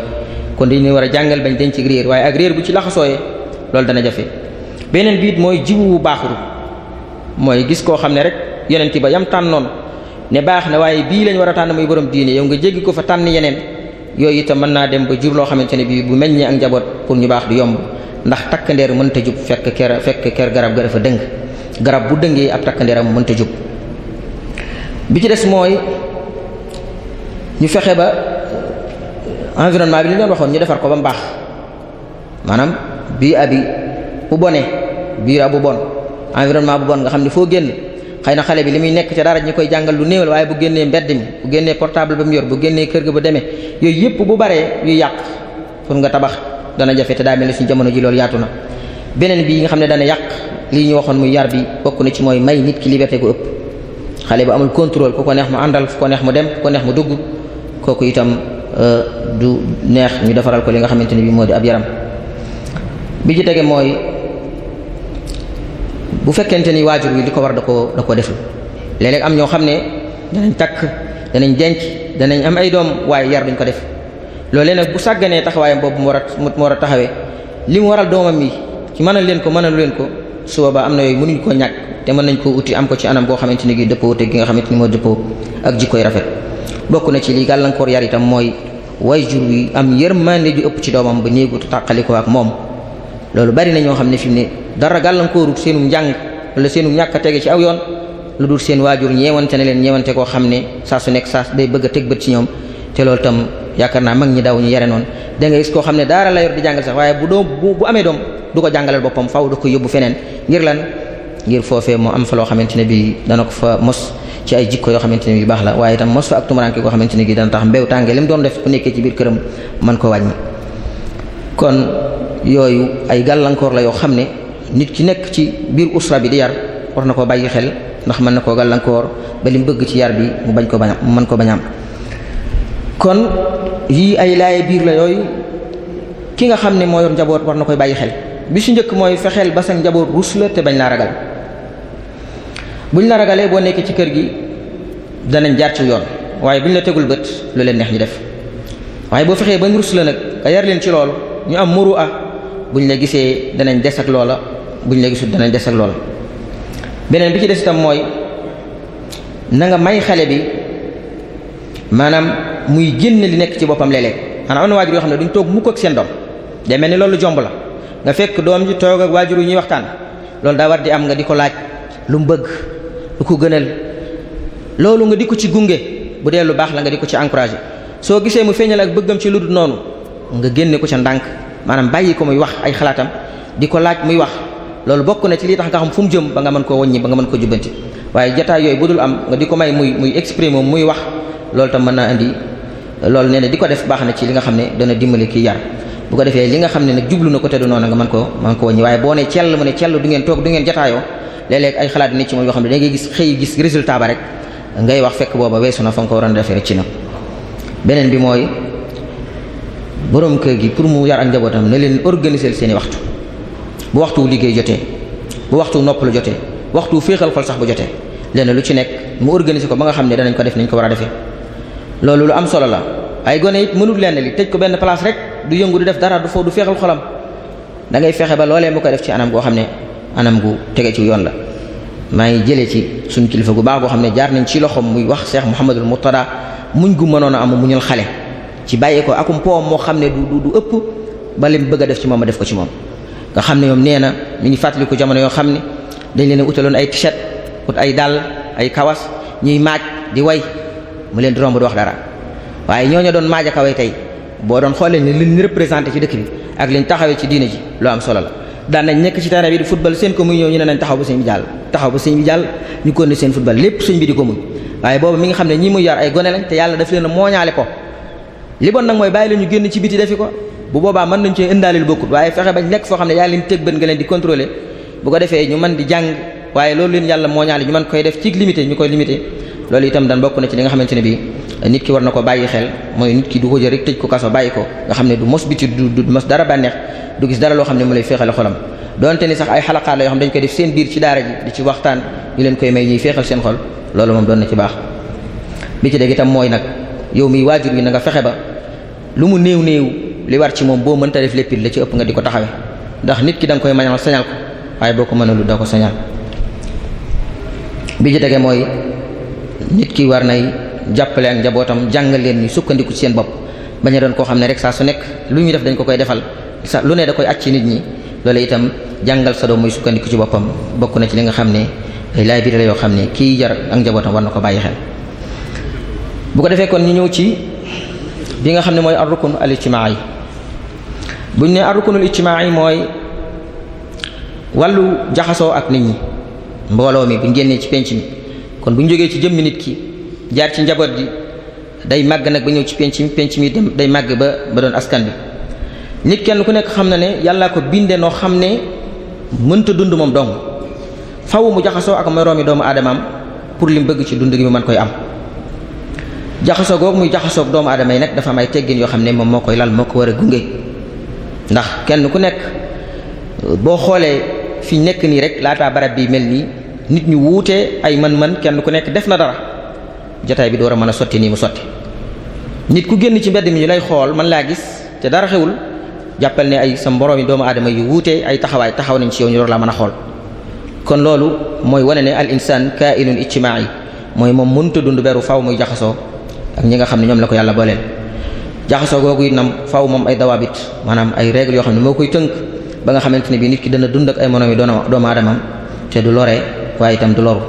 S2: kon dañu leen war a jàngal bañ denc réer waaye ak réer bu ci laxasooyee loolu dana jafe beneen biit mooy jiwu bu baaxul mooy gis koo xam ne rek yonent ba yam tànnoon ne baax na waaye bii lañ war a tànn muy borom diine yow nga jéggi ko fa tànn yeneen yooyu itam mën naa dem ba jur loo xamante ne bii bu meññee ak njaboot pour ñu baax di yomb ndax takkandeer mënta jub fekk ker fekk ker garab ga dafa dëng garab bu dëngee ab takkandeeram mënta jub bi ci des mooy ñu fexe ba environnement bi li ñu waxoon ñu defar ko ba mu baax maanaam bii abi bu bone bii bu bon environnement bu bon nga xam ne foo génn xëy na xale bi li muy nekk ca dara ñu koy jàngal lu néewal waaye bu génnee mbedd mi bu génnee portable ba mu yor bu génnee kër ga ba demee yooyu yëpp bu baree yu yàq pour nga tabax dana jafe te daa mel ni suñu jamono ji loolu yaatu na beneen bi nga xam ne dana yàq lii ñu waxoon mu yar bi bokk na ci mooy may nit ki liberté gu ëpp xale bi amul contrôle ku ko neex mu àndal fu ko neex mu dem ku ko neex mu dugg kooku itam euh, du neex ñu defaral ko li nga xamante ne bi moo di ab yaram bu fekkente ni waajur wi li ko war da koo da koo def léeg-léeg am ñoo xam ne danañ takk danañ denc danañ am ay doom waaye yar duñ ko def loolu nag bu sàgganee taxawaayam boobu mu war a mu war a taxawee li mu waral doomam yi ci mënal leen ko mën a lu leen ko su boobaa am na yooyu mënuñ koo ñàkk te mën nañ koo uti am ko ci anam boo xamante ni gi dëppoo te gi nga xamante ni moo dëppoo ak jikkoy rafet bokk na ci lii gàllankoor yar itam mooy waajur wi am yërmande ju ëpp ci doomam ba néegu tàqalikoo ak moom loolu bari na ñoo xam ne fi mu dara gàllankoorut seenu njàng wala seenu ñàkk a tege ci aw yoon lu dul seen waajur ñeewante na leen ñeewante koo xam ne saa su nekk saa day bëgg a teg bët ci ñoom te loolu tam yaakaar naa mag ñi daw ñu yare noon da nga gis koo xam ne daara la yor di jàngal sax waaye bu doom bu amee doom du ko jàngalal boppam faw da ko yóbbu feneen ngir lan ngir foofee moo am fa loo xamante ne bi dana ko fa mos ci ay jikko yoo xamante ne bi baax la waaye itam mos fa ak tumuraanke koo xamante ne gi dana tax mbéw tànge li mu doon def ku nekkee ko wàññi yooyu ay gàllankoor la yoo xam ne nit ki nekk ci biir usra bi di yar war na koo bàyyi xel ndax mën na koo gàllankoor ba li mu bëgg ci yar bi mu bañ ko bañam mu mën ko bañam kon yii ay laaye biir la yooyu ki nga xam ne moo yor njaboot war na koy bàyyi xel bi su njëkk mooy fexeel ba sa njaboot rus la te bañ laa ragal buñ la ragalee boo nekkee ci kër gi danañ jaar ci yoon waaye buñ la tegul bët lu leen neex ñu def waaye boo fexee bañ rus la nag nga buñ la gisee danañ des ak loola buñ la gisul danañ des ak loola beneen bi ci des itam mooy na nga may xale bi maanaam muy génn li nekk ci boppam léeg-léeg maanaam am na waajur yoo xam ne duñ toog mukk ak seen doom day mel ni loolu jomb la nga fekk doom ji toog ak waajur yu ñuy waxtaan loolu daa war di am nga di ko laaj lu mu bëgg lu ko gënal loolu nga di ko ci gunge bu dee lu baax la nga di ko ci encouragé soo gisee mu feeñal ak bëggam ci lu noonu nga génne ko ca ndànk maanaam bàyyi ko muy wax ay xalaatam di ko laaj muy wax loolu bokk na ci li tax nga xam fu mu jëm ba nga mën koo wàññi ba nga mën ko jubbanti waaye jotaay yooyu bu dul am nga di ko may muy muy exprimer muy wax loolu tam mën naa indi loolu nee na di ko def baax na ci li nga xam ne dana dimbali kii yar bu ko defee li nga xam ne nag jublu na ko te du noonu nga mën koo mën ko boo ne cell mu ne cell du ngeen toog du ngeen jotaayoo léeg-léeg ay xalaat nit ci moom yoo xam ne gis résultat ba rek ngay wax fekk booba weesu na fa nga ko waroon defee ci na beneen bi mooy boroom kër gi pour mu yar ak njabootam na leen organiser seeni waxtu bu waxtu liggéey jotee bu waxtu noppalu jotee waxtu féexal xol sax bu jotee lenn lu ci nekk mu organiser ko ba nga xam ne danañ ko def nañ ko war a defee loolu lu am solo la ay gone it mënul lenn li tëj ko benn place rek du yëngu du def dara du foo du féexal xolam da ngay fexe ba loolee mu ko def ci anam goo xam ne anam gu tege ci yoon la maa ngi jëlee ci suñ kilifa gu baax goo xam ne jaar nañ ci loxoom muy wax Cheikh Mouhamadul Murtada muñ gu mënoon a am muñal xale ci bàyyi ko akum poom moo xam ne du du du ëpp ba lim bëgg a def ci moom a def ko ci moom nga xam ne moom nee na mi ngi fàttaliku jamono yoo xam ne dañ leen a utaloon ay tichet ut ay dàll ay kawas ñuy maaj di way mu leen di romb du wax dara waaye ñooñu doon maaj ak a way tey boo doon xoolee ne liñ représenté ci dëkk bi ak liñ taxawee ci diine ji loo am solo la. daan nañ nekk ci terrain bi di football seen ko muy ñëw ñu ne nañ taxaw ba sëñ bi jàll taxaw ba sëñ bi seen football lépp sëñ bi di ko muñ waaye boobu xam ne ñi muy gone lañ te yàlla daf leen a mooñaale ko li bon nag mooy bàyyi leen ñu génn ci biti defi ko bu boobaa mën nañ ci indaalil bokkut waaye fexe bañ nekk foo xam ne yàlla leen teg bët nga leen di contrôler bu ko defee ñu mën di jàng waaye loolu leen yàlla moo ñu mën koy def ci limité ñu koy limité loolu itam dan bokk na ci li nga xamante ne bi nit ki war na ko bàyyi xel mooy nit ki du ko jël rek tëj ko kaso bàyyi ko nga xam ne du mos biti du du mos dara bànneex du gis dara loo xam ne mu lay féexale xolam donte ni sax ay xalaqaat yoo xam dañ def seen biir ci daara ji di ci leen koy may ñuy féexal seen xol loolu moom doon na ci baax bi mooy nag yow mi waajur wi na nga fexe ba lu mu néew néew li war ci moom boo mënta def léppit la ci ëpp nga di ko taxawee ndax nit ki da koy mañal sañal ko waaye boo ko mënul doo ko sañal bi ci tege mooy nit ki war nay jàppale ak njabootam jàngal leen ñu sukkandiku ci seen bopp bañ a doon koo xam ne rek saa su nekk lu ñu def dañ ko koy defal sa lu ne da koy acc ci nit ñi loolu itam jàngal sa doom muy sukkandiku ci boppam bokk na ci li nga xam ne ay laay biir la yoo xam ne kii jar ak njabootam war na ko bàyyi xel bi nga xam ne mooy arrukun al ijtimaai bu ñu ne arrukunul yi mooy wàllu jaxasoo ak nit ñi mbooloo mi bu ñu génnee ci penc mi kon bu ñu jógee ci jëmm nit ki jaar ci njaboot gi day màgg nag ba ñëw ci penc mi penc mi dem day màgg ba ba doon askan bi nit kenn ku nekk xam na ne yàllaa ko binde noo xam ne mënta dund moom dong faw mu jaxasoo ak moroomi doomu aadamaam pour lim bëgg ci dund gi mu mën koy am jaxasoo googu muy jaxasoo doomu aadama yi nag dafa am ay teggin yoo xam ne moom moo koy lal moo ko war a gunge ndax kenn ku nekk boo xoolee fi nekk nii rek laataa barab bi mel nii nit ñu wuute ay man man kenn ku nekk def na dara jotaay bi door a mën a sotti nii mu sotti nit ku génn ci mbedd mi ñu lay xool man laa gis te dara xewul jàppal ne ay sa mborom yi doomu aadama yu wuute ay taxawaay taxaw nañ ci yow ñu door laa mën a xool kon loolu mooy wane ne al insaan kaa'inun ijtimaa'i mooy moom mënut a dund faw muy jaxasoo ak ñi nga xam ne ñoom la ko yàlla booleel jaxasoo googu yi nam faw moom ay dawaabit maanaam ay règle yoo xam ne moo koy tënk ba nga xamante ne bii nit ki dana dund ak ay moroomi doomu aadamam te du loree waaye itam du loru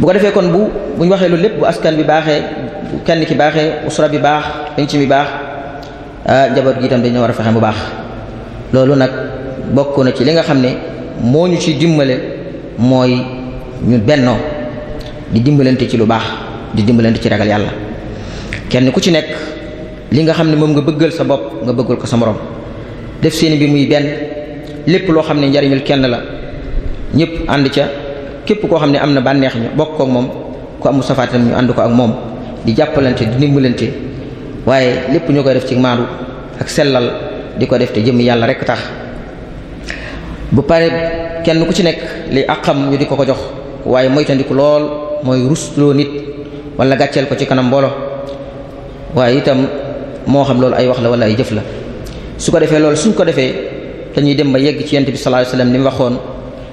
S2: bu ko defee kon bu bu ñu waxee loolu lépp bu askan bi baaxee kenn ki baaxee usra bi baax penc bi baax ah, njaboot gi itam dañu war a fexe bu baax loolu nag bokk na ci li nga xam ne moo ñu ci dimbale mooy ñu bennoo di dimbalante ci lu baax di dimbalante ci ragal yàlla kenn ku ci nekk li nga xam ne moom nga bëggal sa bopp nga bëggal ko sa morom def seen bi muy benn lépp loo xam ne njariñul kenn la ñépp ànd ca képp koo xam ne am na bànneex ñu bokk ak moom ku amul safaatam ñu ànd ko ak moom di jàppalante di dimbalante waaye lépp ñoo koy def ci maandu ak sellal di ko def te jëm yàlla rek tax bu pare kenn ku ci nekk li àqam ñu di ko ko jox waaye moytandiku lool mooy rusloo nit wala gàcceel ko ci kanam mbooloo waaye itam moo xam loolu ay wax la walla ay jëf la su ko defee loolu suñ ko defee dañuy dem ba yegg ci yent bi sallallahu alayhi wasallam li waxoon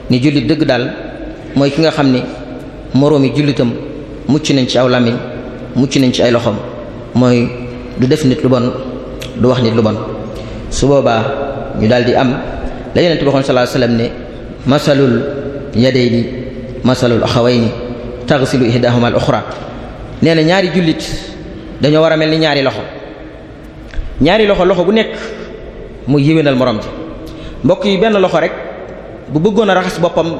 S2: ni jullit dëgg daal mooy ki nga xam ni moroomi jullitam mucc nañ ci aw làmmiñ mucc nañ ci ay loxoom mooy du def nit lu bon du wax nit lu bon su boobaa ñu daal di am la yonent bi waxoon ne alayhi wasallam ne masalul yadayni masalul axawayni taghsilu ihdahuma al ukhra nee na ñaari jullit dañoo war a mel ni ñaari loxo ñaari loxo loxo bu nekk muy yéwénal moroom ji mbokk yi benn loxo rek bu bëggoon a raxas boppam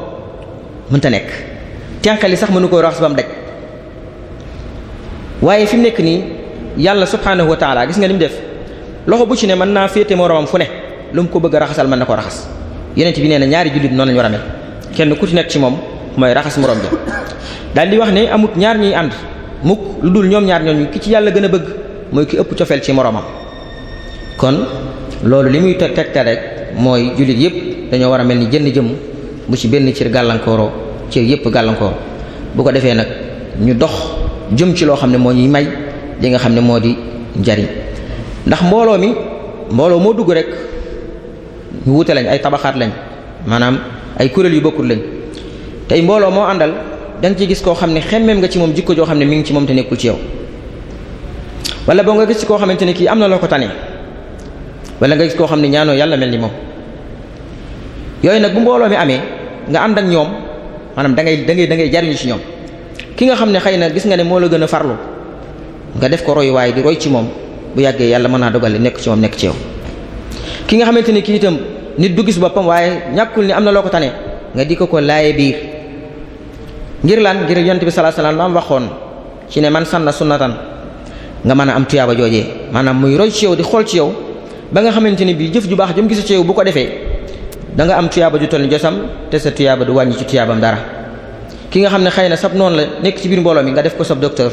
S2: mënta nekk tànkali sax mënu koo raxas ba mu waaye fi mu nekk nii yàlla subhaanahu wa taala gis nga li mu def loxo bu ci ne mën naa féete moromam fu ne lu mu ko bëgg raxasal mën na ko raxas yeneen bi nee na ñaari jullit noonu lañu war a mel kenn ku ci nekk ci moom mooy raxas morom ja daal wax ne amut ñaar ñuy ànd. mukk lu dul ñoom ñaar ñooñu ki ci yàlla gën a bëgg mooy ki ëpp cofeel ci moroomam kon loolu li muy tegtal rek mooy jullit yépp dañoo war a mel ni jënn jëm bu ci benn cir gàllankooroo cir yépp gàllankoor bu ko defee nag ñu dox jëm ci loo xam ne moo ñuy may li nga xam ne moo di njariñ ndax mbooloo mi mbooloo moo dugg rek ñu wuute lañ ay tabaxaat lañ maanaam ay kuréel yu bokkul lañ tey mbooloo moo àndal da nga ci gis koo xam ne xemmeem nga ci moom jikko joo xam ne mi ci moom te nekkul ci yow wala boo nga gis koo xamante ne kii am na loo ko tane wala nga gis koo xam ne ñaanoo yàlla mel ni moom nag bu mbooloo mi amee nga ànd ak ñoom maanaam da ngay da da ngay jariñu ci ñoom ki nga xam ne xëy na gis nga ne moo la gën a farlu nga def ko roy waaye di ci moom bu yàggee yàlla mën naa dogal li nekk ci nekk ci yow ki xamante ne kii itam nit du gis boppam waaye ñàkkul ni am na loo ko tane nga di ko ko laaye biir ngir lan ngir yonent bi sallallahu alayhi wasallam waxoon ci ne man sanna sunnatan nga mën a am tuyaaba joojee maanaam muy roy ci yow di xool ci yow ba nga xamante ne bii jëf ju baax jëm gisu ci yow bu ko defee da nga am tuyaaba ju toll ni josam te sa tuyaaba du wàññi ci tuyaabam dara ki nga xam ne xëy na sab noonu la nekk ci biir mbooloo mi nga def ko sab docteur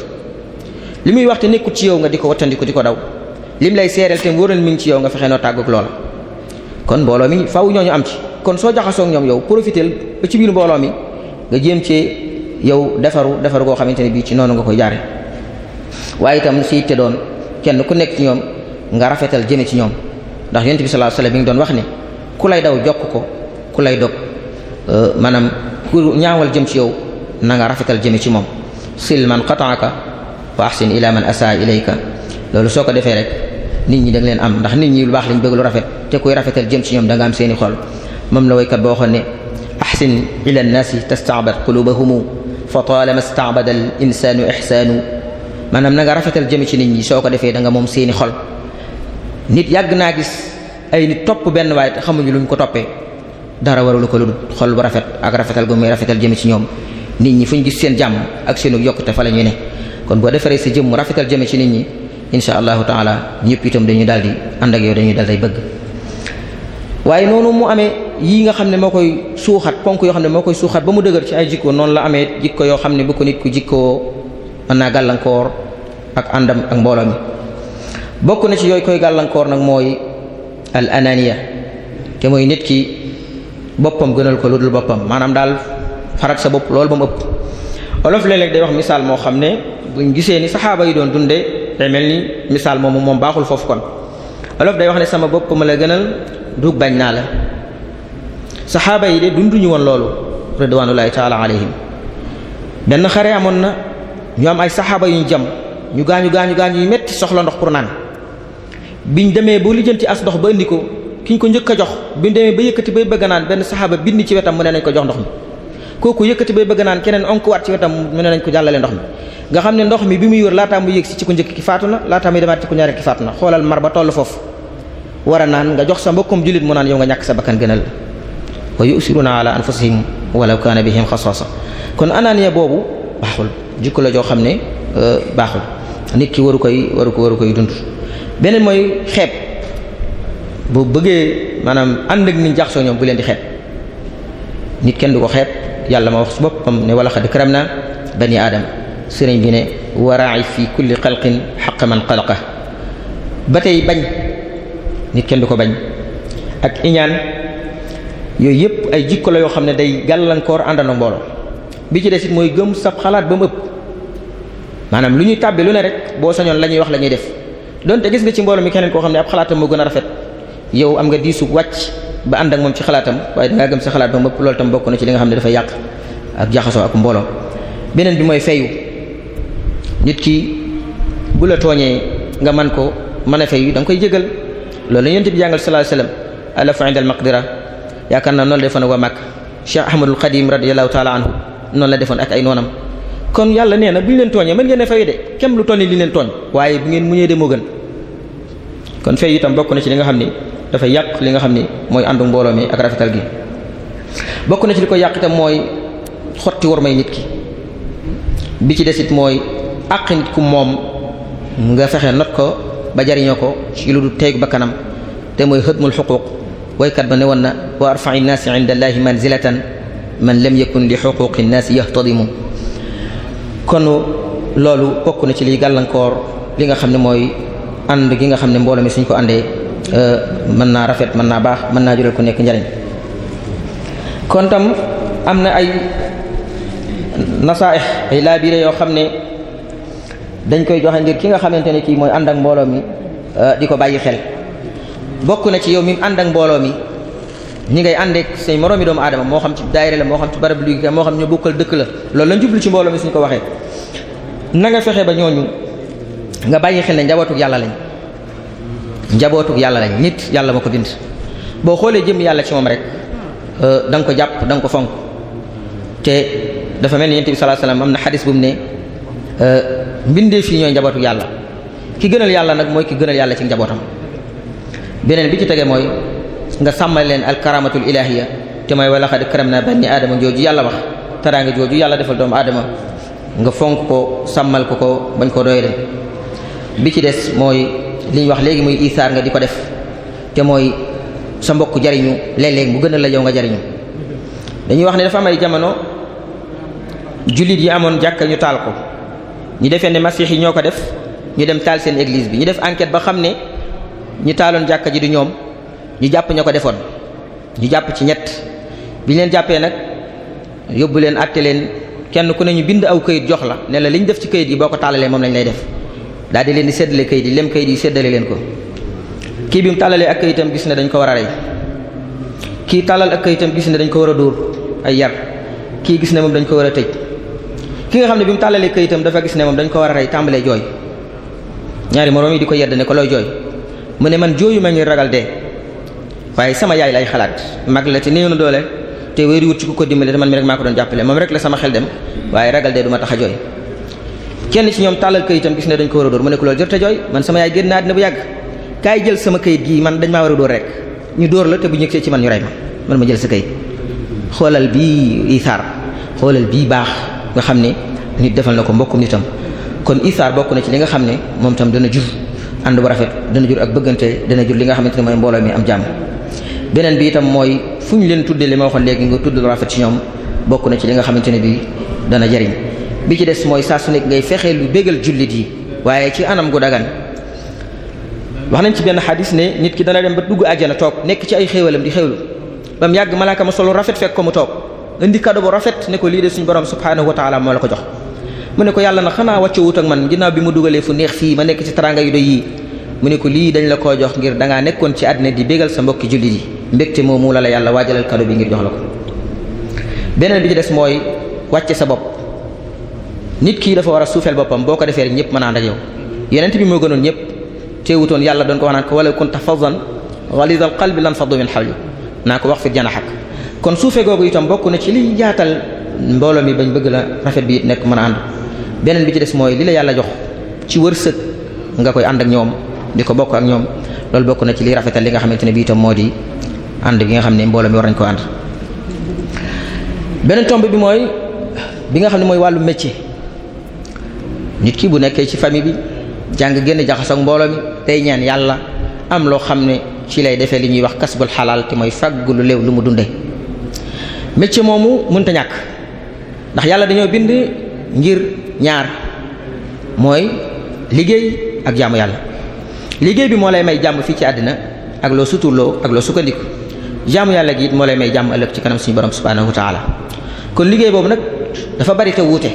S2: li muy wax te ci yow nga di ko wattandiku di ko daw lim lay seereel te wóoral mi ngi ci yow nga fexe noo tàggoog loola kon mbooloo mi faaw ñooñu am ci kon soo jaxasoo ak yow profiteel ba ci biir mbooloo mi yow defaru defaru koo xamante ne bii ci noonu nga koy jaare waaye itam si te doon kenn ku nekk ci ñoom nga rafetal jëme ci ñoom ndax yonent bi sallallahu alayhi wasallam mi ngi doon wax ni ku lay daw jokk ko ku lay dog euh, maanaam ku ñaawal jëm ci yow nanga rafetal jëme ci moom sil man qataaka wa ahsin ila man asaa ilayka loolu soo ko defee rek nit ñi da nga leen am ndax nit ñi lu baax lañ bëgg lu rafet te kuy rafetal jëm ci ñoom da nga am seeni xol moom la waykat fa taalama staabada insaanu ixsaanu maanaam na nga rafetal jëme ci nit ñi soo ko defee danga moom seeni xol nit yàgg naa gis ay nit topp benn waaye te xamuñu luñ ko toppee dara waralu ko lu xol bu rafet ak rafetal gu muy rafetal jëme ci ñoom nit ñi fu ñu gis seen jàmm ak seenu yokkute fa la ñuy ne kon boo defaree sa jëmm rafetal jëme ci nit ñi insha allahu taala ñëpp itam dañuy daal di ànd ak yow dañuy daal day bëgg waaye noonu mu amee yii nga xam ne moo koy suuxat ponk yoo xam ne moo koy suuxat ba mu dëgër ci ay jikko noonu la amee jikko yoo xam ne bu ko nit ku jikkoo mën naa gàllankoor ak àndam ak mbooloo mi bokk na ci yooyu koy gàllankoor nag mooy al ananiya te mooy nit ki boppam gënal ko lu dul boppam maanaam daal farat sa bopp loolu ba mu ëpp olof léeg-léeg day wax misaal moo xam ne buñ gisee ni saxaaba yi doon dunde day mel ni misaal moomu moom baaxul foofu kon olof day wax sama bopp ma la gënal du bañ naa la saxaaba yi de dunduñu woon loolu ridwanullahi taala alayhim benn xare amoon na ñu am ay saxaaba yu ñu jam ñu gaañu gaañu gaañu yu metti soxla ndox pour naan biñ demee ba lijjanti as ndox ba indi ko kiñ ko njëkk a jox biñ demee ba yëkkati bay bëgg naan benn saxaaba bind ci wetam mu ne nañ ko jox ndox mi kooku yëkkati bay bëgg naan keneen onkuwaat ci wetam mu ne nañ ko jàllale ndox mi nga xam ne ndox mi bi muy wër laataa mu yëg si ci ko njëkk faatu na laataa muy demaat ci ko xoolal mar toll foofu war nga jox sa mbokkum jullit mu naan yow nga ñàkk sa bakkan gënal wa yusiruuna ala anfusihim walaw kaana bihim xasaasa kon anaaniya boobu baaxul jikko la joo xam ne euh, baaxul nit ki waru koy waru ko waru koy dund beneen mooy xeeb bu bëggee maanaam ànd ak ni jaxasoo ñoom bu leen di xeeb nit kenn du ko xeeb yàlla ma wax su boppam ne wala xad karam naa bani aadama sëriñ bi ne waraayi fi kulli xalqin xaqa man xalaqa ba tey bañ nit kenn du ko bañ ak iñaan yooyu yëpp ay jikko la yoo xam ne day gàllankoor àndandoo mbooloo bi ci des it mooy gëm sab xalaat ba mu ëpp maanaam lu ñuy tàbbi lu ne rek boo sañoon la ñuy wax la ñuy def donte gis nga ci mbooloo mi keneen koo xam ne ab xalaatam moo gën a rafet yow am nga diisu wàcc ba ànd ak moom ci xalaatam waaye dangaa gëm sa xalaat ba mu ëpp loolu tam bokk na ci li nga xam ne dafa yàq ak jaxasoo ak mbooloo beneen bi mooy fayu nit ki bu la tooñee nga man ko mën a fayu koy jégal loolu la yonent bi jàngal sallallahu alayhi wasallam alafu yaakaar naa noonu la defoon ak waa Màkk Cheikh Ahmadul Xadim radiyallahu taala anhu noonu la defoon ak ay noonam kon yàlla nee na bu ñu leen tooñee mën ngeen a fay de kem lu toll li leen tooñ waaye bu ngeen muñee dem moo gën kon fay itam bokk na ci li nga xam ni dafay yàq li nga xam ni mooy àndu mbooloo mi ak rafetal gi bokk na ci li ko yàq itam mooy xotti war may nit ki bi ci it mooy àq nit ku moom nga fexe not ko ba jariñoo ko ci lu du teeg ba kanam te mooy xëtmul xuquuq woykat ba ne woon na wa arfai nnaasi inda allaahi manzilatan man lam yakun li xuquqi nnaasi yahtadimu kon loolu bokk na ci liy gàllankoor li nga xam ne mooy ànd ki nga xam ne mbooloo mi suñ ko àndee euh, mën naa rafet mën naa baax mën naa jural ku nekk njariñ kon tam am na ay nasaaix ay laabire yoo xam ne dañ koy joxe ngir ki nga xamante ne kii mooy ànd ak mbooloo mi euh, di ko bàyyi xel bokk na ci yow mi ànd ak mbooloo mi ñi ngay àndeek say moroomi doomu aadama moo xam ci daayira la moo xam ci barab liggéey moo xam ñoo bokkal dëkk la loolu lañ jublu ci mbooloo mi suñ ko waxee na nga fexe ba ñooñu nga bàyyi xel ne njabootug yàlla lañ njabootug yàlla lañ nit yàlla ma ko bind boo xoolee jëm yàlla ci moom rek euh, da nga ko jàpp danga ko fonk te dafa mel ni yonent bi sallallahu alayhi wasallam am na xadis bu mu ne euh, mbindeef fii ñooy njabootu yàlla ki gënal yàlla nag mooy ki gënal yàlla ci njabootam beneen bi ci tegee mooy nga sàmmal leen al karamatul ilahiya te mooy wala xad karam naa bani aadama jooju yàlla wax taraanga jooju yàlla defal doomu aadama nga fonk ko sàmmal ko ko bañ ko doyle bi ci des mooy li ñu wax léegi muy isaar nga di ko def te mooy sa mbokk jariñu léeg-léeg mu gënal la yow nga jariñu dañuy wax ne dafa am jamono jullit yi amoon jàkka ñu taal ko ñu defee ne masiix yi ñoo ko def ñu dem taal seen église bi ñu def enquête ba xam ne ñu taaloon jàkka ji du ñoom ñu jàpp ña ko defoon ñu jàpp ci ñett bi ñu leen jàppee nag yóbbu leen àtte leen kenn ku ne ñu bind aw kayit jox la ne la li ñu def ci kayit yi boo ko tàllalee moom lañ lay def daal di leen di séddale kayit yi lem kayit yi séddale leen ko kii bi mu taalalee ak kayitam gis ne dañ ko war a rey kii tàllal ak kayitam gis ne dañ ko war a dóor ay yar kii gis ne moom dañ ko war a tëj ki nga xam ne bi mu taalalee kayitam dafa gis ne moom dañ ko war a rey tàmbalee jooy ñaari moroom yi di ko yedd ne ko looy jooy mu ne man jooyu ma ngir ragal de waaye sama yaay lay xalaat mag la te néew na doole te wéeru wut ci ku ko dimbale te man mi rek maa ko doon jàppale moom rek la sama xel dem waaye ragal dee du tax a jooy kenn ci ñoom tàllal kayitam gis ne dañ ko war a dóor mu ne ko loolu jot a jooy man sama yaay génn naa dina bu yàgg kaay jël sama kayit gii man dañ maa war a dóor rek ñu dóor la te bu ñëgsee ci man ñu rey ma man ma jël sa këyit xoolal bii isaar bii baax nga xam ne nit defal na ko mbokkum nitam kon isaar bokk na ci li nga xam ne moom tam dana jur ànd bu rafet dana jur ak bëggante dana jur li nga xamante ne mooy mbooloo mi am jàmm beneen bi itam mooy fu ñu leen tuddee li ma waxoon léegi nga tudd lu rafet ci ñoom bokk na ci li nga xamante ne bi dana jariñ bi ci des mooy saa su nekk ngay fexe lu bégal jullit yi waaye ci anam gu dagan wax nañ ci benn xadis ne nit ki dana dem ba dugg àjjana toog nekk ci ay xéewalam di xéewlu ba mu yàgg malaaka ma solo rafet fekk ko mu toog indi kado bu rafet ne ko lii de suñu borom subhanahu wa taala moo la ko jox mu ne ko yàlla na xanaa wàcce wut ak man ginnaaw bi mu dugalee fu neex fii ma nekk ci taranga yu doy yii mu ne ko lii dañ la koo jox ngir dangaa nekkoon ci àddina di bégal sa mbokki jullit yi mbégte moomu la la yàlla waajalal kado bi ngir jox la ko beneen bi di des mooy wàcce sa bopp nit kii dafa war a suufeel boppam boo ko defee rek ñëpp mën naa ànd ak bi moo gënoon ñëpp teewutoon yàlla doon ko wax naan ko wala kunta fazan ghalizal qalbi lan faddu min hawli naa ko wax fi kon suufe googu itam mbooloo mi bañ bëgg la rafet bi nekk mën a ànd beneen bi ci des mooy li la yàlla jox ci wërsëg nga koy ànd ak ñoom di ko bokk ak ñoom loolu bokk na ci lii rafetal li nga xamante ne bii itam moo di ànd bi nga xam ne mbooloo mi war ko ànd tomb bi mooy bi nga xam ne mooy wàllu métier nit kii bu nekkee ci famille bi jàng génn jaxasoo ak mbooloo mi tey ñaan yàlla am loo xam ne ci lay defe li ñuy wax kasbul xalaal te mooy fàggu lu leew lu mu dunde métier moomu mënta ñàkk ndax yàlla dañoo bind ngir ñaar mooy liggéey ak jaamu yàlla liggéey bi moo lay may jàmm fii ci àddina ak loo suturloo ak loo sukkandiku jaamu yàlla gi it moo lay may jàmm ëllëg ci kanam si borom subhaanahu wa taala kon liggéey boobu nag dafa bari te wuute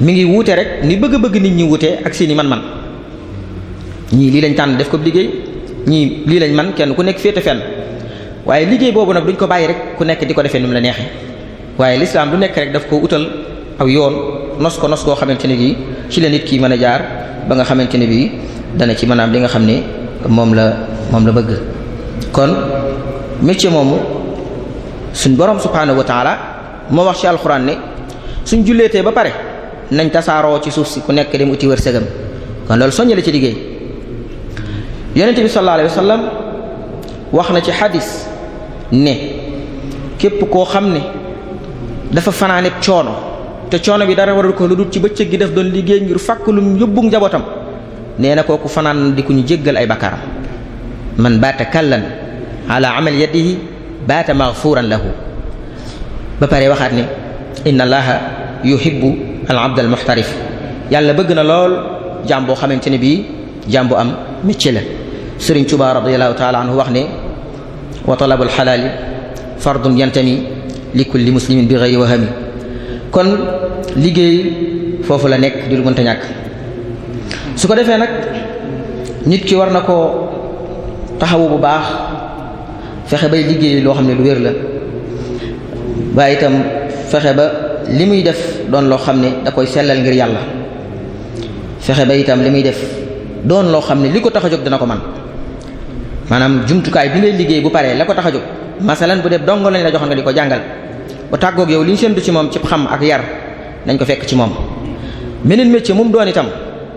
S2: mu ngi wuute rek ni bëgg-bëgg nit ñi wuute ak seeni man-man ñii lii lañ tànn def ko liggéey ñii lii lañ man kenn ku nekk féete fenn waaye liggéey boobu nag duñ ko bàyyi rek ku nekk di ko defee ni la neexee waaye lislaam lu nekk rek daf ko utal aw yoon nos ko nos koo xamante ne bii ci la nit ki mën a jaar ba nga xamante ne bii dana ci maanaam li nga xam ne moom la moom la bëgg kon métier moomu suñ borom subhanahu wa taala moo wax ci alxuraan ne suñ julleetee ba pare nañ tasaaroo ci suuf si ku nekk dem uti wërsëgam kon loolu soññale ci liggéey yonente bi sallallahu wax na ci xadis ne képp koo xam ne dafa fanaane coono te coono bi dara waral ko lu dul ci bëccëg gi def doon liggéey ngir fàkk lum yóbbu njabootam nee na kooku fanaan di ku ñu jéggal ay bakkaaram man baata kallan ala amal yadihi baata maghfuran lahu ba pare waxaat ni inna allaha yuhibbu al abd al muhtarif yàlla bëgg na lool jaam boo xamante ne bii jaam am métier la Sëriñ Tuubaa radiyallahu taala wax ne wa talabul xalaali fardun yantami li kulli muslimin bi ghayri wahami kon liggéey foofu la nekk di lu ñàkk su ko defee nag nit ki war na koo taxawu bu baax fexe bay liggéey loo xam ne lu wér la waaye itam fexe ba li muy def doon loo xam ne da koy sellal ngir yàlla fexe ba itam li muy def doon loo xam ne li ko tax a jóg dana ko man maanaam jumtukaay bi ngay liggéey bu paree la ko tax a jóg masalan bu dee dongo lañ la joxoon nga di ko jàngal bu tàggoog yow li ñu séntu ci moom ci xam ak yar nañ ko fekk ci moom meneen métier mu doon itam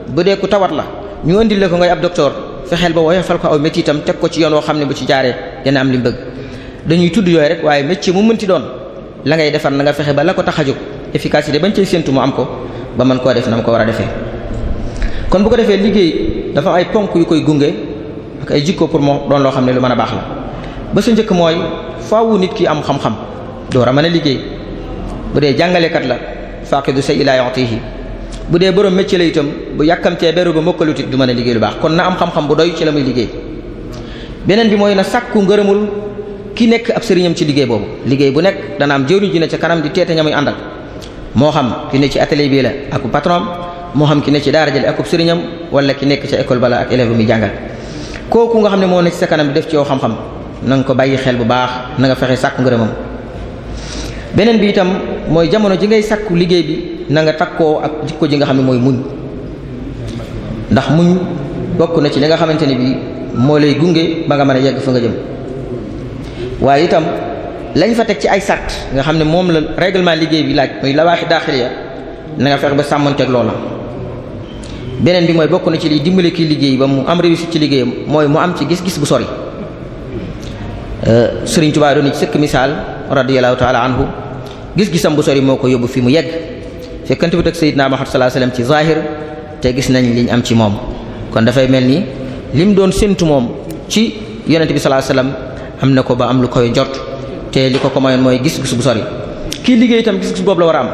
S2: bu dee ku tawat la ñu indil la ko ngay ab docteur fexeel ba woyofal ko aw métier itam teg ko ci yoon woo xam ne bu ci jaaree dina am li mu bëgg dañuy tudd yooyu rek waaye métier mu mënti doon la ngay defar na nga fexe ba la ko tax a jóg efficacité bañ cay séntu mu am ko ba mën koo def na mu ko war a defee. kon bu ko defee liggéey dafa ay ponk yu koy gunge ak ay pour moo doon loo xam ne lu mën a baax la ba sa njëkk mooy faawu nit ki am xam door a mën a liggéey bu dee jàngalekat la faqidu say ilaa yu'tihi bu dee borom métier la itam bu yàkkamtee beru ba mokkalutit du mën a liggéey lu baax kon na am xam-xam bu doy ci la muy liggéey beneen bi mooy na sàkku ngërëmul ki nekk ab sëriñam ci liggéey boobu liggéey bu nekk dana am jëwriñ ji ne ca kanam di teete ñamuy àndal moo xam ki ne ci atelier bi la ak patron moo xam ki ne ci daara jële akub sëriñam wala ki nekk ca école bala ak élève jàngal kooku nga xam ne moo ne ci def ci yow xam ko bàyyi xel bu baax na nga fexe sàkku ngërëmam beneen bi itam mooy jamono ji ngay sakku liggéey bi nanga nga takkoo ak jikko ji nga xam ne mooy muñ ndax muñ bokk na ci li nga xamante ne bii moo lay gunge ba nga mën a yegg fa nga jëm waaye itam lañ fa teg ci ay sart nga xam ne moom la règlement liggéey bi laaj muy lawaaxi daaxiliya na nga fex ba sàmmanteeg loola. beneen bi mooy bokk na ci liy dimbale kii liggéey ba mu am réussite ci liggéeyam mooy mu am ci gis-gis bu sori euh, Serigne Touba doon ci sëkk misaal. radiallahu taala anhu gis-gisam bu sori moo ko yóbbu fi mu yegg fekkante bi teg sayyidina Muhammad sallallahu alayhi wasallam ci zahir te gis nañ liñ am ci moom kon dafay mel ni lim doon séntu moom ci yonent bi sallallahu alayhi am na ko ba am lu koy jot te li ko ko mayoon mooy gis-gis bu sori kii liggéey itam gis-gis boobu la war a am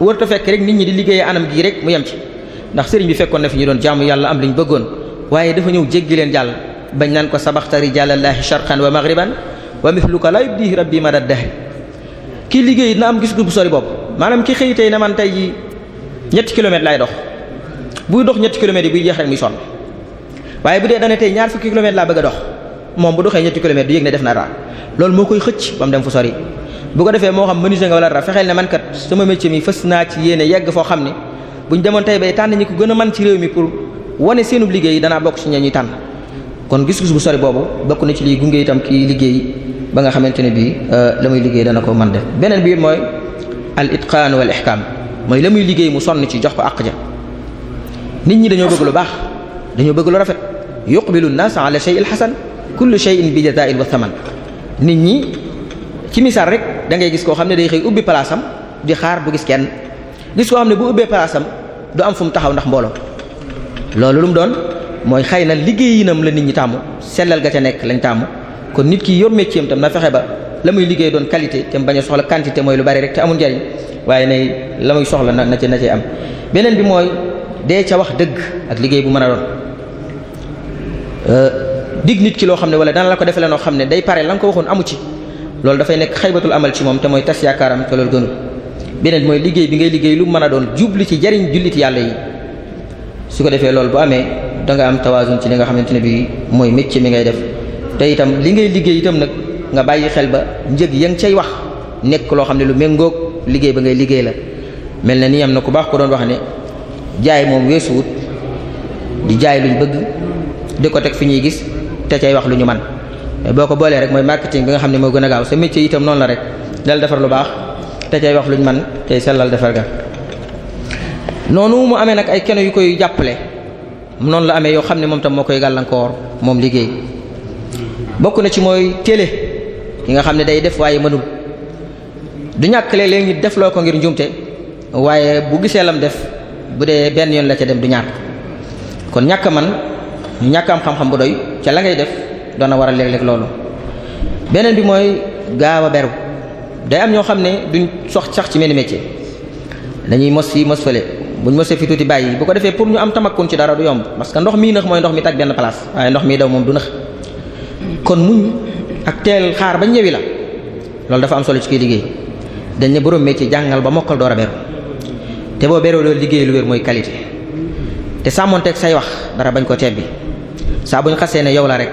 S2: warut a fekk rek nit ñi di liggéeyee anam gii rek mu yem ci ndax sëriñ bi fekkoon na fi ñu doon jàmm yàlla am liñ bëggoon waaye dafa ñëw jéggi leen jàll bañ naan ko sabaxta rijalallahi sharqan wa maghriban wa mithluka la yubdihi bii ma dadah ki liggéey na am gis gu bu sori bopp maanaam ki xëy tey ne man tey ji ñetti kilomètres lay dox buy dox ñetti kilomètres yi buy jeex rek muy sonn waaye bu dee dana tey ñaar fukki kilomètres laa bëgg a dox moom bu doxee ñetti kilomètres du yëg ne def na dara loolu moo koy xëcc ba dem fu sori bu ko defee moo xam menuisier nga wala dara fexeel ne man kat sama métier mi fës naa ci yéene yegg foo xam ne buñ demoon tey bay tànn ñi ko gën a man ci réew mi pour wane seenub liggéey danaa bokk ci ña ñuy tànn kon gis-gis bu sori boobu bokk na ci lii gunge itam kii liggéey ba nga xamante ne bii euh, la muy liggéey dana ko man def beneen biir mooy al itqaan wal ihkaam mooy la muy liggéey mu sonn ci jox ko àq ja nit ñi dañoo bëgg lu baax dañoo bëgg lu rafet yuqbilu nnaas ala shay il xasan kullu shayin bi jazain wa thaman nit ñi ci misaal rek da ngay gis koo xam ne day xëy ubbi palaasam di xaar bu gis kenn gis koo xam ne bu ubbee palaasam du am fu mu taxaw ndax mbooloo mooy xëy na liggéeyinam la nit ñi tàmmu sellal ga ca nekk lañ tàmmu kon nit ki yor métier am tam na fexe ba la muy liggéey doon qualité te bañ a soxla quantité mooy lu bari rek te amul njariñ waaye nay la muy soxla na na ci na cay am beneen bi mooy dee ca wax dëgg ak liggéey bu mën a doon euh, dig nit ki loo xam ne wala dana la ko defee la noo xam ne day pare la nga ko waxoon amu ci loolu dafay nekk xaybatul amal ci moom te mooy tas yaakaaram te loolu gënul mooy liggéey bi ngay liggéey lu mën a doon jubli ci jariñ jullit yàlla yi ko defee loolu bu amee danga am tawaasun ci li nga xamante ne bi mooy métier mi ngay def te itam li ngay liggéey itam nag nga bàyyi xel ba njëg ya nga cay wax nekk loo xam ne lu méngoog liggéey ba ngay liggéey la mel na ni am na ku baax ko doon wax ne jaay moom weesuwut di jaay luñ bëgg di ko teg fi ñuy gis te cay wax lu ñu man te boo ko boolee rek mooy marketing bi nga xam ne moo gën a gaaw sa métier itam noon la rek dal defar lu baax te cay wax luñ man tey sellal defar ga noonu mu jàppale noonu la amee yoo xam ne moom tam moo koy gàllankoor moom liggéey bokk na ci mooy téele ki nga xam ne day def waaye mënul du ñàkk léeg-léeg def loo ko ngir njuumte waaye bu gisee lam def bu dee benn yoon la ca dem du ñaar kon ñàkk man ñàkk am xam-xam bu doy ca la ngay def doona war a léeg-léeg loolu beneen bi mooy gaaw a beru day am ñoo xam ne duñ sox sax ci mel ni métier dañuy mos fii mos fële buñ mësee fi tuuti bàyyi bu ko defee pour ñu am tamakkun ci dara du yomb parce ndox mii nëx mooy ndox mi tag benn place waaye ndox mii daw moom du nëx kon muñ ak teel xaar ba ñëwi la loolu dafa am solo ci kiy liggéey dañ ne borom métier jàngal ba mokkal doo a te boo beroo loolu liggéey lu wér mooy qualité te sàmmonteeg say wax dara bañ ko bi saa buñ xasee ne yow la rek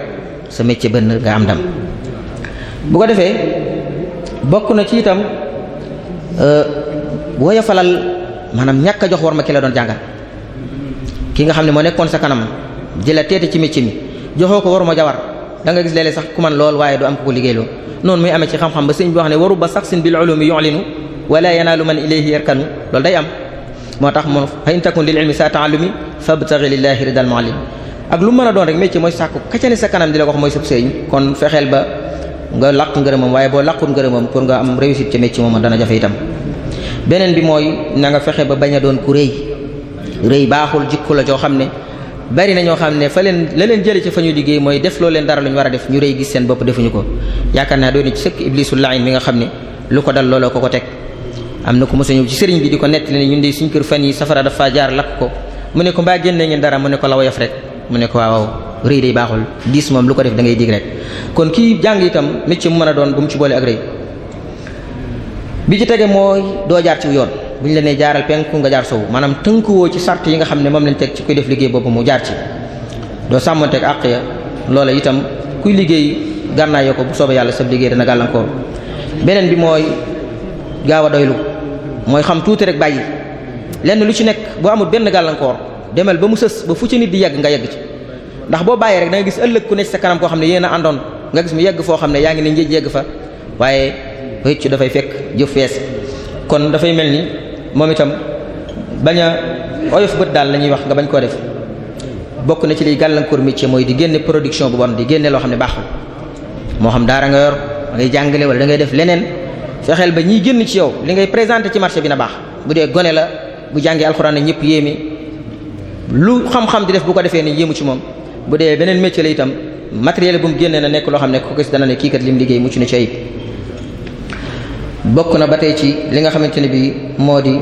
S2: sa métier bënn nga am ndam bu ko defee bokk na ci itam euh, woyofalal maanaam ñàkk a jox war ma ki la doon jàngal ki nga xam ne moo nekkoon sa kanam di la teete ci métier mi joxoo ko waru ma jawar da nga gis léeg-léeg sax ku man lool waaye du am ko ko liggéeyloo noonu muy amee ci xam-xam ba sëñ bi wax ne waru ba saxsin bil ulumi yu'linu wala yanaalu man ilayhi yarkanu lool day am moo tax moo fa in takun lil ilmi sa ta'allumi fabtaghi lillahi ridal muallim ak lu mën a doon rek métier mooy sàkku kacane sa kanam di la ko wax kon fexeel ba nga làq ngërëmam waaye boo làqut ngërëmam pour nga am réussite ca métier moom dana jafe itam beneen bi mooy na nga fexe ba bañ a doon ku rëy rëy baaxul jikko la joo xam ne bari na ñoo xam ne fa leen la leen jële ci fa ñu liggéey mooy def loo leen dara lu ñu war a def ñu rëy gis seen bopp defuñu ko yaakaar naa doon ci sëkk iblisul laayin mi nga xam ne lu ko looloo ko ko teg am na ko mos ñëw ci sëriñ bi di ko nettali ne ñu de suñ kër fan yi safara dafa jaar lakk ko mu ne ko mbaa génne ngeen dara mu ne ko la woyof rek mu ne ko waaw rëy day baaxul diis moom lu ko def da ngay dig rek kon kii jàng itam métier mu mën a doon bu ci boole ak bi ci tege mooy doo jaar ci yoon bu ñu la nee jaaral penku nga jaar sowu maanaam tënkuwoo ci sart yi nga xam ne moom lañ teg ci kuy def liggéey boobu mu jaar ci doo sàmmanteeg àq ya loola itam kuy liggéey gànnaayoo ko bu soobee yàlla sab liggéey dana gàllankoor beneen bi mooy gaaw a doylu mooy xam tuuti rek bàyyi lenn lu ci nekk boo amul benn gàllankoor demal ba mu sës ba fu ci nit di yegg nga yegg ci ndax boo bàyyi rek da nga gis ëllëg ku nekk koo xam ne yéen a àndoon nga gis mu yegg foo xam ne yaa ngi ne njëj yegg fa rëccu dafay fekk jëf fees kon dafay mel ni moom itam bañ a oyof bët daal la ñuy wax nga bañ koo def bokk na ci liy gàllankoor métier mooy di génne production bu bon di génne loo xam ne baaxul moo xam daara nga yor ngay jàngale wala da ngay def leneen fexeel ba ñiy génn ci yow li ngay présente ci marché bi na baax bu dee gone la bu jàngee alxuraan ñëpp yéemi lu xam-xam di def bu ko defee ni yéemu ci moom bu dee beneen métier la itam matériel bu mu génnee na loo xam ne ko gis dana ne kii kat bokk na ba tey ci li nga xamante ne bii moo di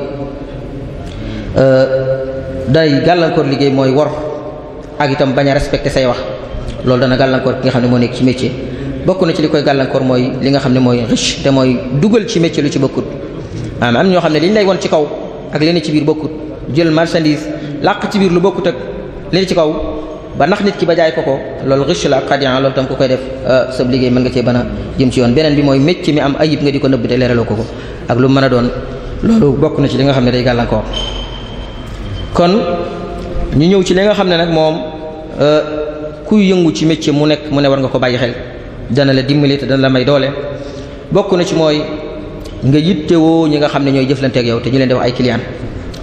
S2: euh, day gàllankoor liggéey mooy wor ak itam bañ a respecté say wax loolu dana gàllankoor ki nga xam ne moo nekk ci métier bokk na ci li koy gàllankoor mooy li nga xam ne mooy riche te mooy dugal ci métier lu ci bokkut am am ñoo xam ne li ñu lay won ci kaw ak li ci biir bokkut jël marchandise làq ci biir lu bokkut ak li ci kaw ba nax nit ki ba jaay ko ko loolu riche la ak xadian loolu tam ku koy def euh, sab liggéey mën nga cee ban a jëm ci yoon beneen bi mooy mécc mi am ayib nga di ko nëbb te leeraloo ko ko ak lu mën a doon loolu bokk na ci li nga xam ne kon ñu ñëw ci li nga xam ne nag moom euh, kuy yëngu ci métier mu nekk mu ne war nga ko bàyyi xel dana la dimbali te dana la may doole bokk na ci mooy nga yittewoo ñi nga xam ne ñooy jëflanteek yow te ñu leen di ay client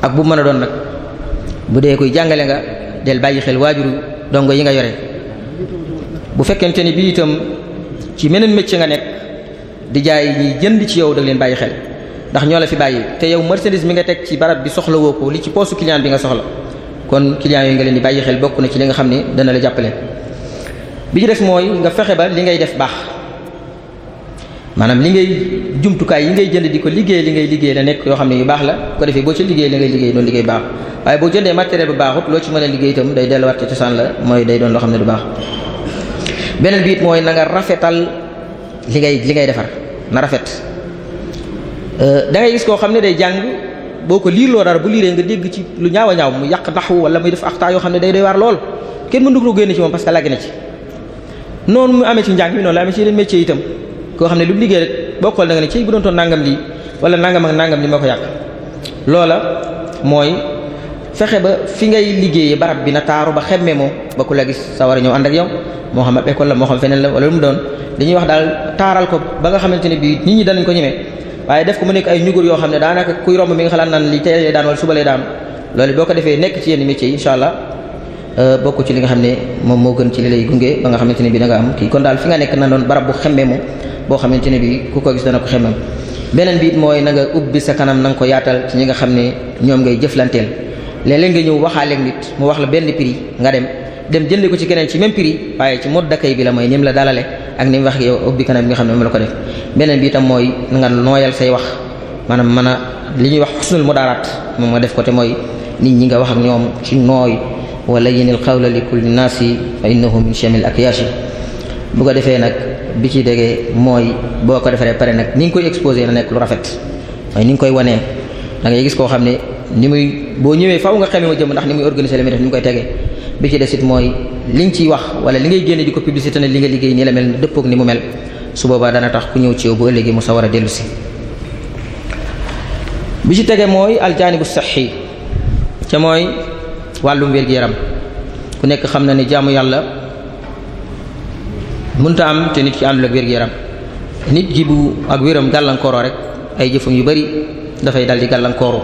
S2: ak bu mën a doon nag bu dee dongo yi nga yore bu fekkente ni bii itam ci meneen métier nga nekk di jaay ñiy jënd ci yow da leen bàyyi xel ndax ñoo la fi bàyyi te yow marchandise mi nga teg ci barab bi soxla woo ko li ci poosu client bi nga soxla kon client yooyu nga leen di bàyyi xel bokk na ci li nga xam ne dana la jàppale bi ci def mooy nga fexe ba li ngay def baax maanaam li ngay jumtukaay yi ngay jënd di ko liggéey li ngay liggéey la nekk yoo xam ne yu baax la ko defee boo ca liggéey la ngay liggéey doon liggéey baax waaye boo jëndee matériel bu baaxut loo ci mën a mooy day doon beneen bi mooy na nga rafetal li ngay li ngay defar na rafet euh, da ngay gis koo xam ne day jàng boo ko liirloo dara bu liiree nga dégg ci lu ñaaw a ñaaw mu yàq naxu wala muy def axtaa yoo xam ne day doy waar lool kenn mënu ko génne ci moom parce que lagg na ci noonu mu amee ci njàng mi noonu la amee ci itam koo xam ne lu liggéey rek boo xool da nga ne ci bu doon toon nangam lii wala nangam ak nangam li moo ko yàq loola mooy fexe ba fi ngay liggéeyee barab bi na taaru ba xemme moo ba ku la gis sa a ñëw ànd ak yow moo xam ab école la moo doon dañuy wax daal taaral ko ba nga xamante ne bii nit ñi danañ ko ñemee waaye def ko mu nekk ay ñugur yoo ne daanaka kuy romb mi nga li tey lay daan wala suba lay daan loolu boo ko defee nekk ci yenn métiers yi incha allah euh, bokk ci li nga xam ne moom moo gën ci li lay gunge ba nga xamante ne bii da nga am kii kon daal fi nga nekk na doon barab bu xemme moo boo xamante ne bi ku ko gis dana ko xemam beneen bi it mooy na nga ubbi sa kanam nanga ko yaatal ci ñi nga xam ne ñoom ngay jëflanteel léeg-léeg nga ñëw waxaaleeg nit mu wax la benn prix nga dem dem jënde ko ci keneen ci même prix waaye ci mode dakay bi la mooy ni la dalale ak ni wax yow ubbi kanam bi nga xam ne moom la ko def beneen bi itam mooy nanga nooyal say wax maanaam mën a li ñuy wax xusnul mudaaraat moom nga def ko te mooy nit ñi nga wax ak ñoom ci nooy wala yenil xawla li kulli naasi fa innahu min chamil ak yaashi bu ko defee nag bi ci déggee mooy boo ko defaree pare nag ni nga koy exposé na nekk lu rafet mooy ni nga koy wanee da ngay gis koo xam ne ni muy boo ñëwee faaw nga xamee ma jëm ndax ni muy organiser la def ni mu koy tegee bi ci des it mooy liñ ciy wax wala li ngay génne di ko publicité li nga liggéey nii la mel dëppoog ni mu mel su boobaa dana tax ku ñëw ci yow bu ëllëgee mu sa war a dellu si bi ci tege mooy aljaanibu saxi ca mooy wàllum wér-gu-yaram ku nekk xam na ne jaamu yàlla mënta am te nit ki àndul ak wér-gu-yaram nit ki bu ak wéram gàllankooroo rek ay jëfam yu bari dafay dal di gàllankooru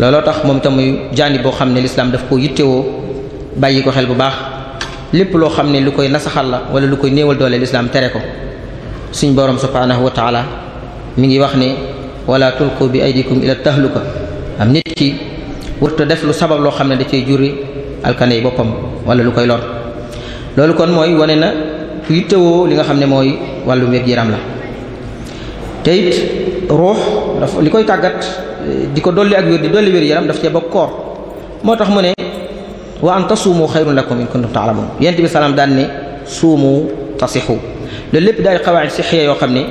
S2: looloo tax moom tam muy jaandi boo xam ne lislaam daf koo yittewoo bàyyi ko xel bu baax lépp loo xam ne lu koy nasaxal la wala lu koy néewal doole lislaam tere ko suñ borom subhaanahu wa taala mi ngi wax ne wala tulqu bi aydikum ila tahluka am nit ki wërta def lu sabab loo xam ne da cey juri alkane yi boppam wala lu koy lor loolu kon mooy wane na ku li nga xam ne mooy wàllu wér yaram la te it ruux li koy tàggat eh, di ko dolli ak wér di dolli yaram daf cee bokk koor moo tax mu ne wa an tasuumu xayrun lakum in kuntum taalamun yent bi salaam daan ne suumu tasixu loolu lépp daal xawaid sixiya yoo xam ne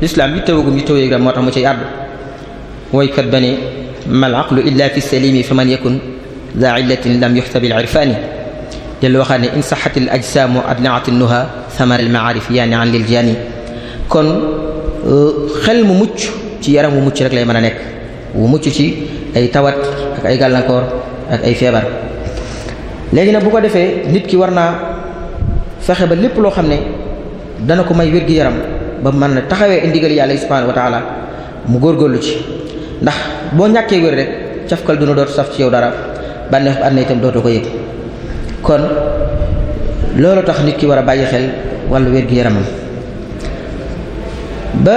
S2: lislaam yittewagum yittewoo yaram moo tax mu ciy àddu woykat ba ne mal aqlu illa fi salimi fa man yakun daa illatin lam yuxta bil irfaani dellu waxaat ne in saxatil ajsaamu adlaati nuha thamar al maarif yaani an lil jaani kon euh, xel mu mucc ci yaram wu mucc rek lay mën a nekk wu mucc ci ay tawat ak ay gàllankoor ak ay feebar léegi nag bu ko defee nit ki war naa fexe ba lépp loo xam ne dana ko may wér-gi-yaram ba mën na taxawee indigal yàlla subhanahu wa taala mu góorgóorlu ci ndax boo ñàkkee wér rek cafkal duna dootu saf ci yow dara bànneex ba ànd na itam dootoo ko yëg kon loolu tax nit ki war a bàyyi xel wàllu wér-gu-yaramam ba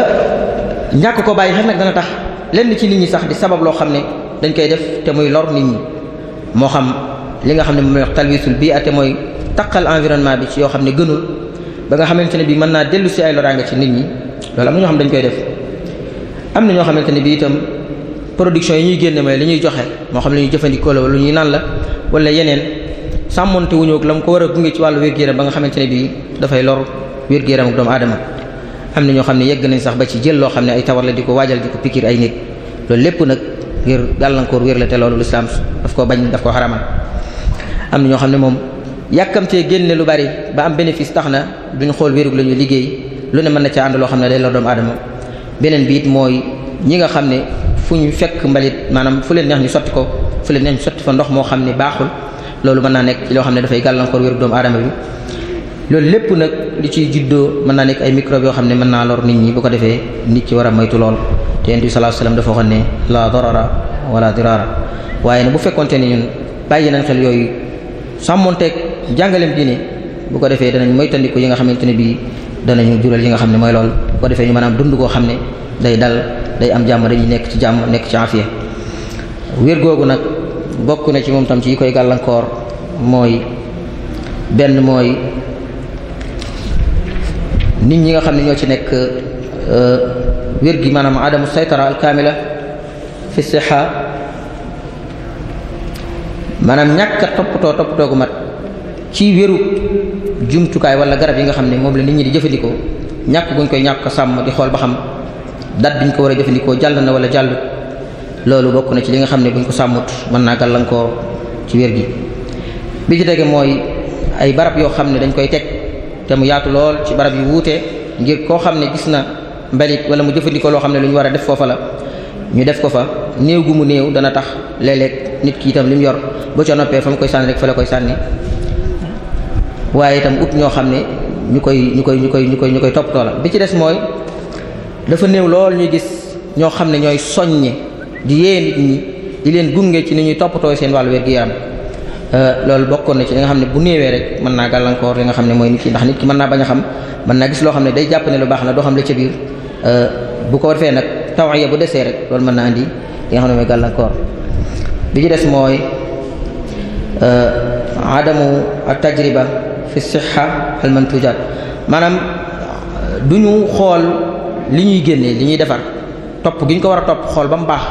S2: ñàkk ko bàyyi xel nag dana tax lenn ci nit ñi sax di sabab loo xam ne dañ koy def te muy lor nit ñi moo xam li nga xam ne moom la wax talwisul bii ate mooy taqal environnement bi ci yoo xam ne gënul ba nga xamante ne bii mën naa dellu si ay loraange ci nit ñi loolu am na ñoo xam dañ koy def am na ñoo xamante ne bii itam production yi ñuy génne mooy li ñuy joxe moo xam li ñuy jëfandikoo la lu naan la wala yeneen. sàmmonte wuñu ak la mu ko war a gunge ci wàllu wér gu ba nga xamante ne bii dafay lor wér-gu-yaram doomu aadama am na ñoo xam ne yegg nañ sax ba ci jël loo xam ne ay tawar la di ko waajal di ko pikir ay nit loolu lépp nag ngir gàllankoor wér la te loolu lislaam daf ko bañ daf koo xaramal am na ñoo xam ne moom yàkkamtee génne lu bari ba am bénéfice tax na duñu xool wérug la ñuy liggéey lu ne mën na ca ànd loo xam ne day lor doomu adama beneen bi mooy ñi nga xam ne fu ñu fekk mbalit maanaam fu leen neex ñu sotti ko fu leen neex ñu fa ndox moo xam ne baaxul loolu mën naa nekk ci loo xam ne dafay gàllankoor wéru doomu aadama bi loolu lépp nag li ciy juddoo mën naa nekk ay microbe yoo xam ne mën naa loro nit ñi bu ko defee nit ki war a moytu lool te yonent bi sallallahu alayhi wasallam dafa ne la darara wala dirara waaye nag bu fekkonte ni ñun bàyyi nañ xel yooyu sàmmonteeg jàngaleem diine bu ko defee danañ moytandiku yi nga xamante ne bii danañu jural yi nga xam ne mooy lool bu ko defee ñu maanaam dund koo xam ne day dal day am jàmm dañuy nekk ci jàmm nekk ci afiya wér googu nag bokk na ci moom tam ci yi koy gàllankoor mooy benn mooy nit ñi nga xam ne ñoo ci nekk euh, wér gi maanaam adamu saytara alkaamila fi siha maanaam ñàkk a toppatoo toppatoo gu mat ci wéru jumtukaay wala garab yi nga xam ne moom la nit ñi di jëfandikoo ñàkk guñ koy ñàkk sàmm di xool ba xam dat biñ ko war a jëfandikoo jàll na wala jàll loolu bokk na ci li nga xam ne buñ ko sàmmut mën naa gàllankoor ci wér gi bi ci dege mooy ay barab yoo xam ne dañ koy teg te mu yaatu lool ci barab yi wuute ngir koo xam ne gis na mbalit wala mu jëfandikoo loo xam ne lu war a def foofa la ñu def ko fa néew mu néew dana tax léeg-léeg nit yor ba ca noppee fa mu koy sànni rek koy sànni waaye itam ñoo xam ne ñu koy ñu koy ñu koy ñu koy ñu koy toppatoo la bi ci des mooy dafa néew lool ñuy gis ñoo xam ne ñooy soññe di yee nit ñi di leen gunge ci ni ñuy toppatoo seen wàllu wér gi yaram euh, loolu bokkoon na ci li nga xam ne bu néewee rek mën naa gàllankoor li nga xam ne mooy nit ki ndax nit ki mën naa bañ a xam mën naa gis loo xam ne day jàpp ne lu baax la doo xam la ca biir euh, bu ko defee nag tawaaya bu desee rek loolu mën naa andi li nga xam ne mooy gàllankoor bi ci des mooy euh, adamu tajriba fi sixa almantujaat maanaam du ñu xool li ñuy génnee li ñuy defar topp gi ñu ko war a topp xool ba mu baax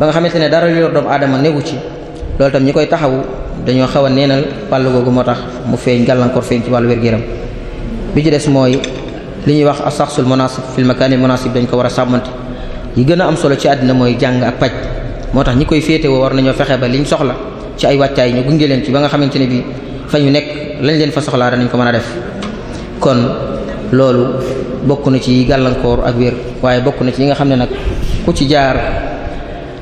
S2: ba nga xamante ne dara yor doomu aadama newu ci loolu itam ñi koy taxawu dañoo xaw a neenal wàll googu moo tax mu feeñ gàllankoor feeñ ci wàll wér-gu-yaram bi ci des mooy li ñuy wax a asaxsul munasib fil makaani munasib dañ ko war a sàmmante yi gën a am solo ci àddina mooy jàng ak paj moo tax ñi koy féetewoo war nañoo fexe ba liñ soxla ci ay wàccaay ñu gunge leen ci ba nga xamante ne bi fa ñu nekk lañ leen fa soxlaa danañ ko mën a def loolu bokk na ci gàllankoor ak wér waaye bokk na ci yi nga xam ne nag ku ci jaar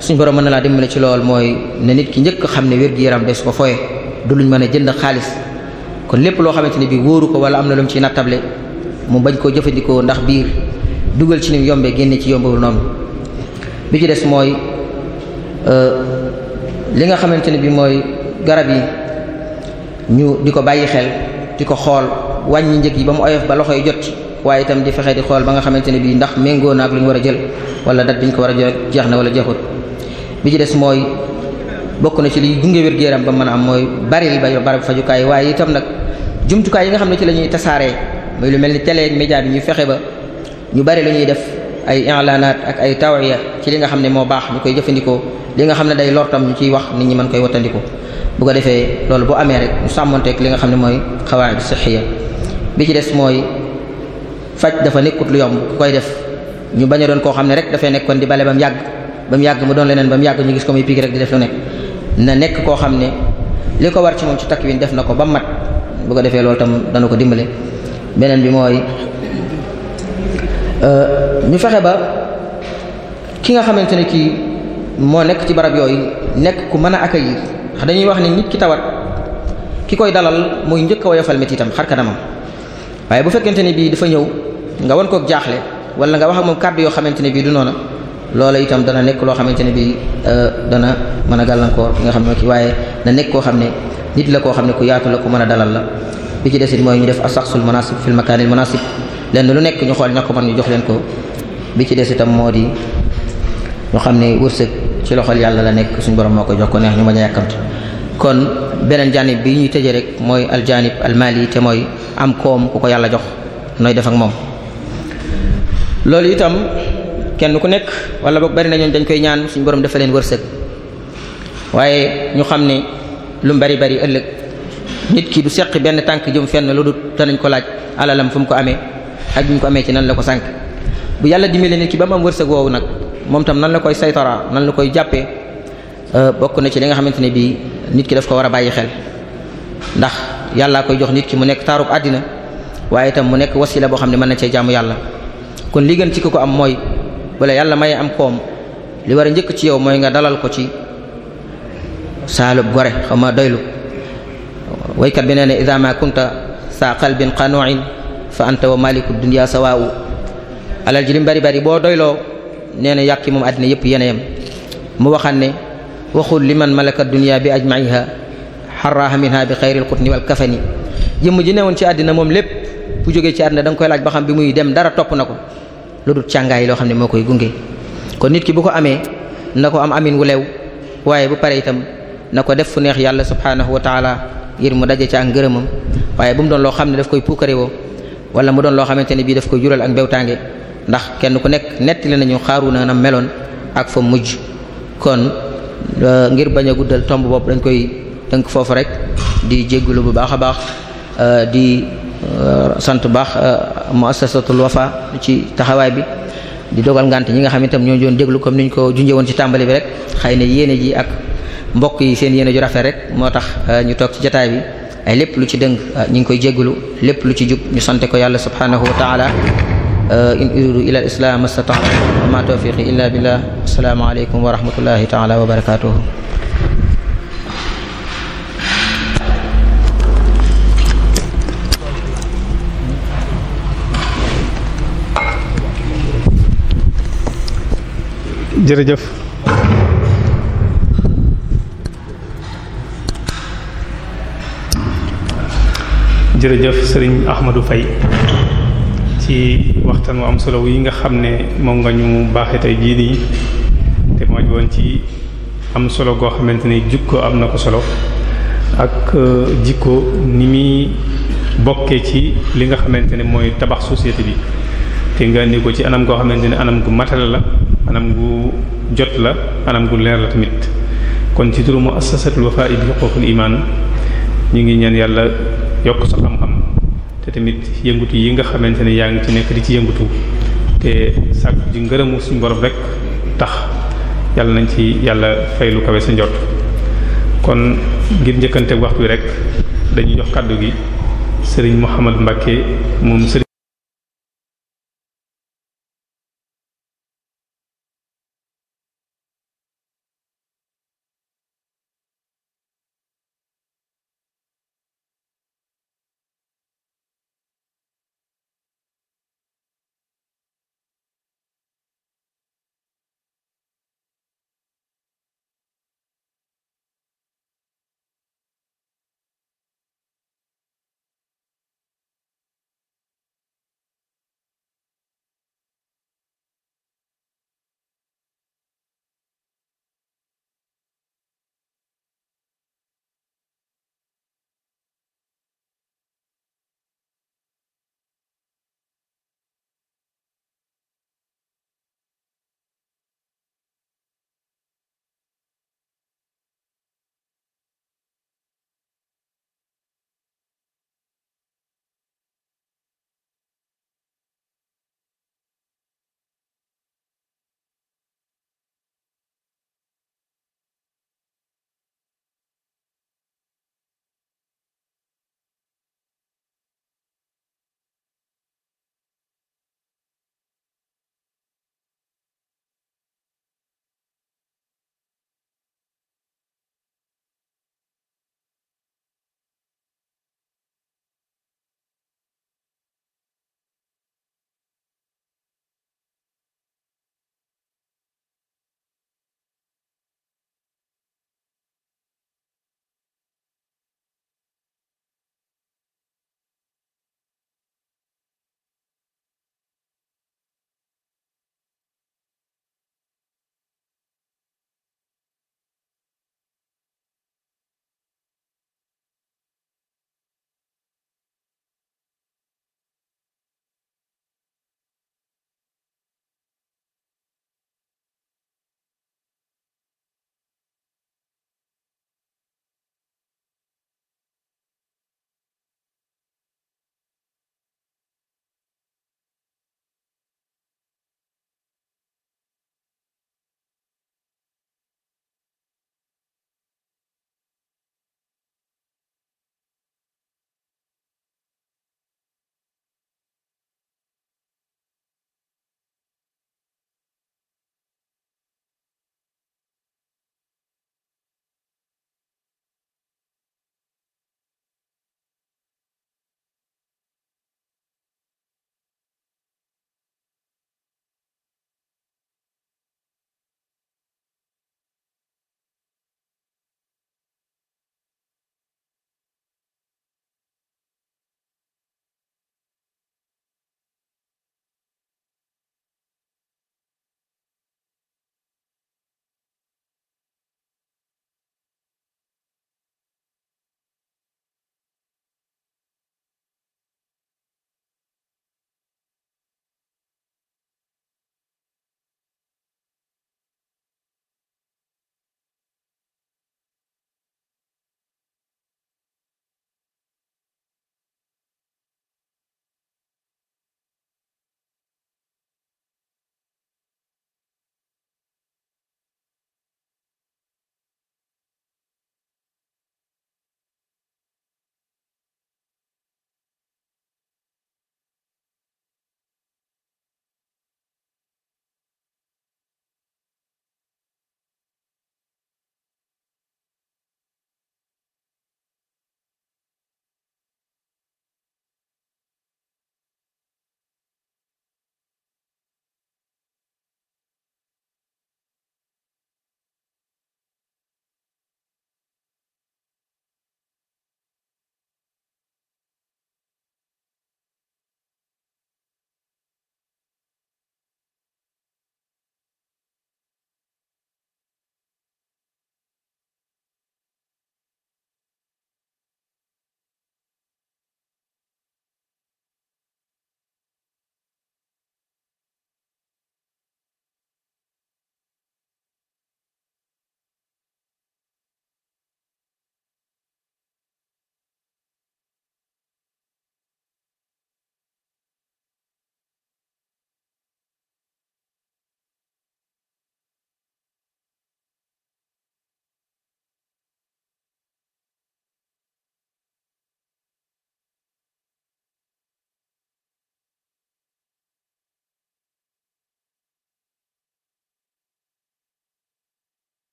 S2: suñ borom mën na laa dimbale ci lool mooy ne nit ki njëkk xam ne wér-gi-yaram de su ko foye du luñ mën a jënd xaalis kon lépp loo xamante ne bii wóoru ko wala am na lu mu ciy nattable mu bañ koo jëfandikoo ndax biir dugal ci ni mu yombee génne ci yombul noonu bi ci des mooy euh, li nga xamante ne bii mooy garab yi ñu di ko bàyyi xel. di ko xool wàññi njëg yi ba mu oyof ba loxoy yi jot waaye itam di fexe di xool ba nga xamante ne bii ndax méngoo na ak lu ñu war a jël wala dat bi ñu ko war a jeex na wala jeexut bi ci des mooy bokk na ci liy gunge wér gu yaram ba mën a am mooy baril ba barab fajukaay waaye itam nag jumtukaay yi nga xam ne ci lañuy ñuy tasaaree muy lu mel ni télé ak yi bi ñu fexe ba ñu bari la ñuy def ay ilaanaat ak ay tawiya ci li nga xam ne moo baax ñu koy jëfandikoo li nga xam ne day lor tam ñu ciy wax nit ñi mën koy wattandiku bu ko defee loolu bu amee rek ñu sàmmonteeg li nga xam ne mooy xawaid sixiya bi ci des mooy faj dafa nekkut lu yomb ku koy def ñu bañ a doon koo xam ne rek dafay nekkoon di bale ba mu yàgg ba mu yàgg mu doon leneen ba mu yàgg ñu gis ko muy piki rek di def lu nekk na nekk koo xam ne li ko war ci moom ci takwin def na ko ba mat bu ko defee loolu tam dana ko dimbale beneen bi Euh, ñu fexe ba ki nga xamante ne kii moo nekk ci barab yooyu nekk ku mën a accueillir ndax dañuy wax ni nit ki tawat ki koy dalal mooy njëkk a woyofal metitam xar kanamam waaye bu fekkente ne bii dafa ñëw nga wan kook jaaxle walla nga wax ak moom kàddu yoo xamante ne bii du noona loola itam dana nekk loo xamante ne bii euh, dana mën a gàllankoor ki nga xam ne kii waaye na nekk koo xam ne nit la koo xam ne ku yaatu la ku mën a dalal la bi ci desit mooy ñu def asaxsul manasik fil makaanil manasik lenn lu nekk ñu xool ña ñu jox leen ko bi ci des itam moo di ñu xam ne wërsëg ci loxol yàlla la nekk suñu borom moo ko jox ko neex ñu bañ a yàkkamti kon beneen janib bi ñuy tëje rek mooy aljanib almali te mooy am koom ku ko yàlla jox nooy def ak moom loolu itam kenn ku nekk wala boog bari na ñoon dañ koy ñaan suñu borom dafa leen wërsëg waaye ñu xam ne lu mu bari bari nit ki du seqi benn tànk jëm fenn lu dul danañ ko laaj alalam fu mu ko amee ak bu ñu ko amee ci nan la ko sànq bu yàlla dimbale nit ki ba mu am wërsëg woowu nag moom tam nan la koy saytara nan la koy jàppee euh, bokk na ci li nga xamante ne bii nit ki daf ko war a bàyyi xel ndax yàllaa koy jox nit ki mu nekk taarub àddina waaye itam mu nekk wasila boo xam ne mën na cee jaamu yàlla kon li gën ci ko ko am mooy wala yàlla may am koom li war a njëkk ci yow mooy nga dalal ko ci saalub gore xam ma doylu waykat bi nee na ida ma kunta sa qalbin qanuin fa anta wa maliku dunya sawa'u alal ji lim bari bari boo doyloo nee na yàqi moom àddina yëpp yeneyam mu waxan ne li man malaka dunya bi ajmaiha xarraha minha bi xayril qutni wal kafani jëmm ji woon ci àddina moom lépp bu jógee ci àddina da koy laaj ba xam bi muy dem dara topp na ko lu dul càngaay loo xam ne moo koy gunge kon nit ki bu ko amee na ko am amin wu lew waaye bu ngir mu daje ci ak ngërëmam waaye bu mu doon loo xam ne daf koy puukare woo wala mu doon loo xamante ne bii daf koy jural ak mbewtaange ndax kenn ku nekk nettali nañu xaaru na nam meloon ak fa mujj kon euh, ngir bañ a guddal tomb bopp dañ koy tënk foofu rek di jéggulu bu baax a baax euh, di euh, sant baax muassasatul wafa ci taxawaay bi di dogal ngante ñi nga xam ne itam ñoo doon déglu comme ni ñu ko junjee ci tàmbali bi rek xëy na yéene ji ak mbokk yi seen yéene ju rafet rek moo tax euh, ñu toog ci jataay bi ay lépp lu ci dëng euh, ñu ngi koy jégalu lépp lu ci jub ñu sante ko yàlla subhanahu wa taala euh, in uridu ila al islam astataatu wa ma tawfiqi illa billah assalaamu aleykum wa rahmatullahi taala wa barakatuhu
S1: jërëjëf sëriñ Ahmadou Faye ci waxtaan wu am solo yi nga xam ne moom nga ñu baaxe tey jii nii te moo woon ci am solo goo xamante ni jikko am na ko solo ak euh, jikko ni muy bokkee ci li nga xamante ne mooy tabax société bi te nga indi ko ci anam goo xamante ne anam gu matal la anam gu jot la anam gu leer la tamit kon ci turu mu assasatul Wafa bi xuququl iman ñu ngi ñaan yàlla yokk sa xam-xam te tamit yëngutu yi nga xamante ne yaa ngi ci nekk di ci yëngutu te sàkk ji ngërëmu suñu borom rek tax yàlla nañ ci yàlla fay lu kawe sa njot kon ngir njëkkante waxtu wi rek dañuy jox kàddu gi sëriñ Mouhamad Mbacke moom sëriñ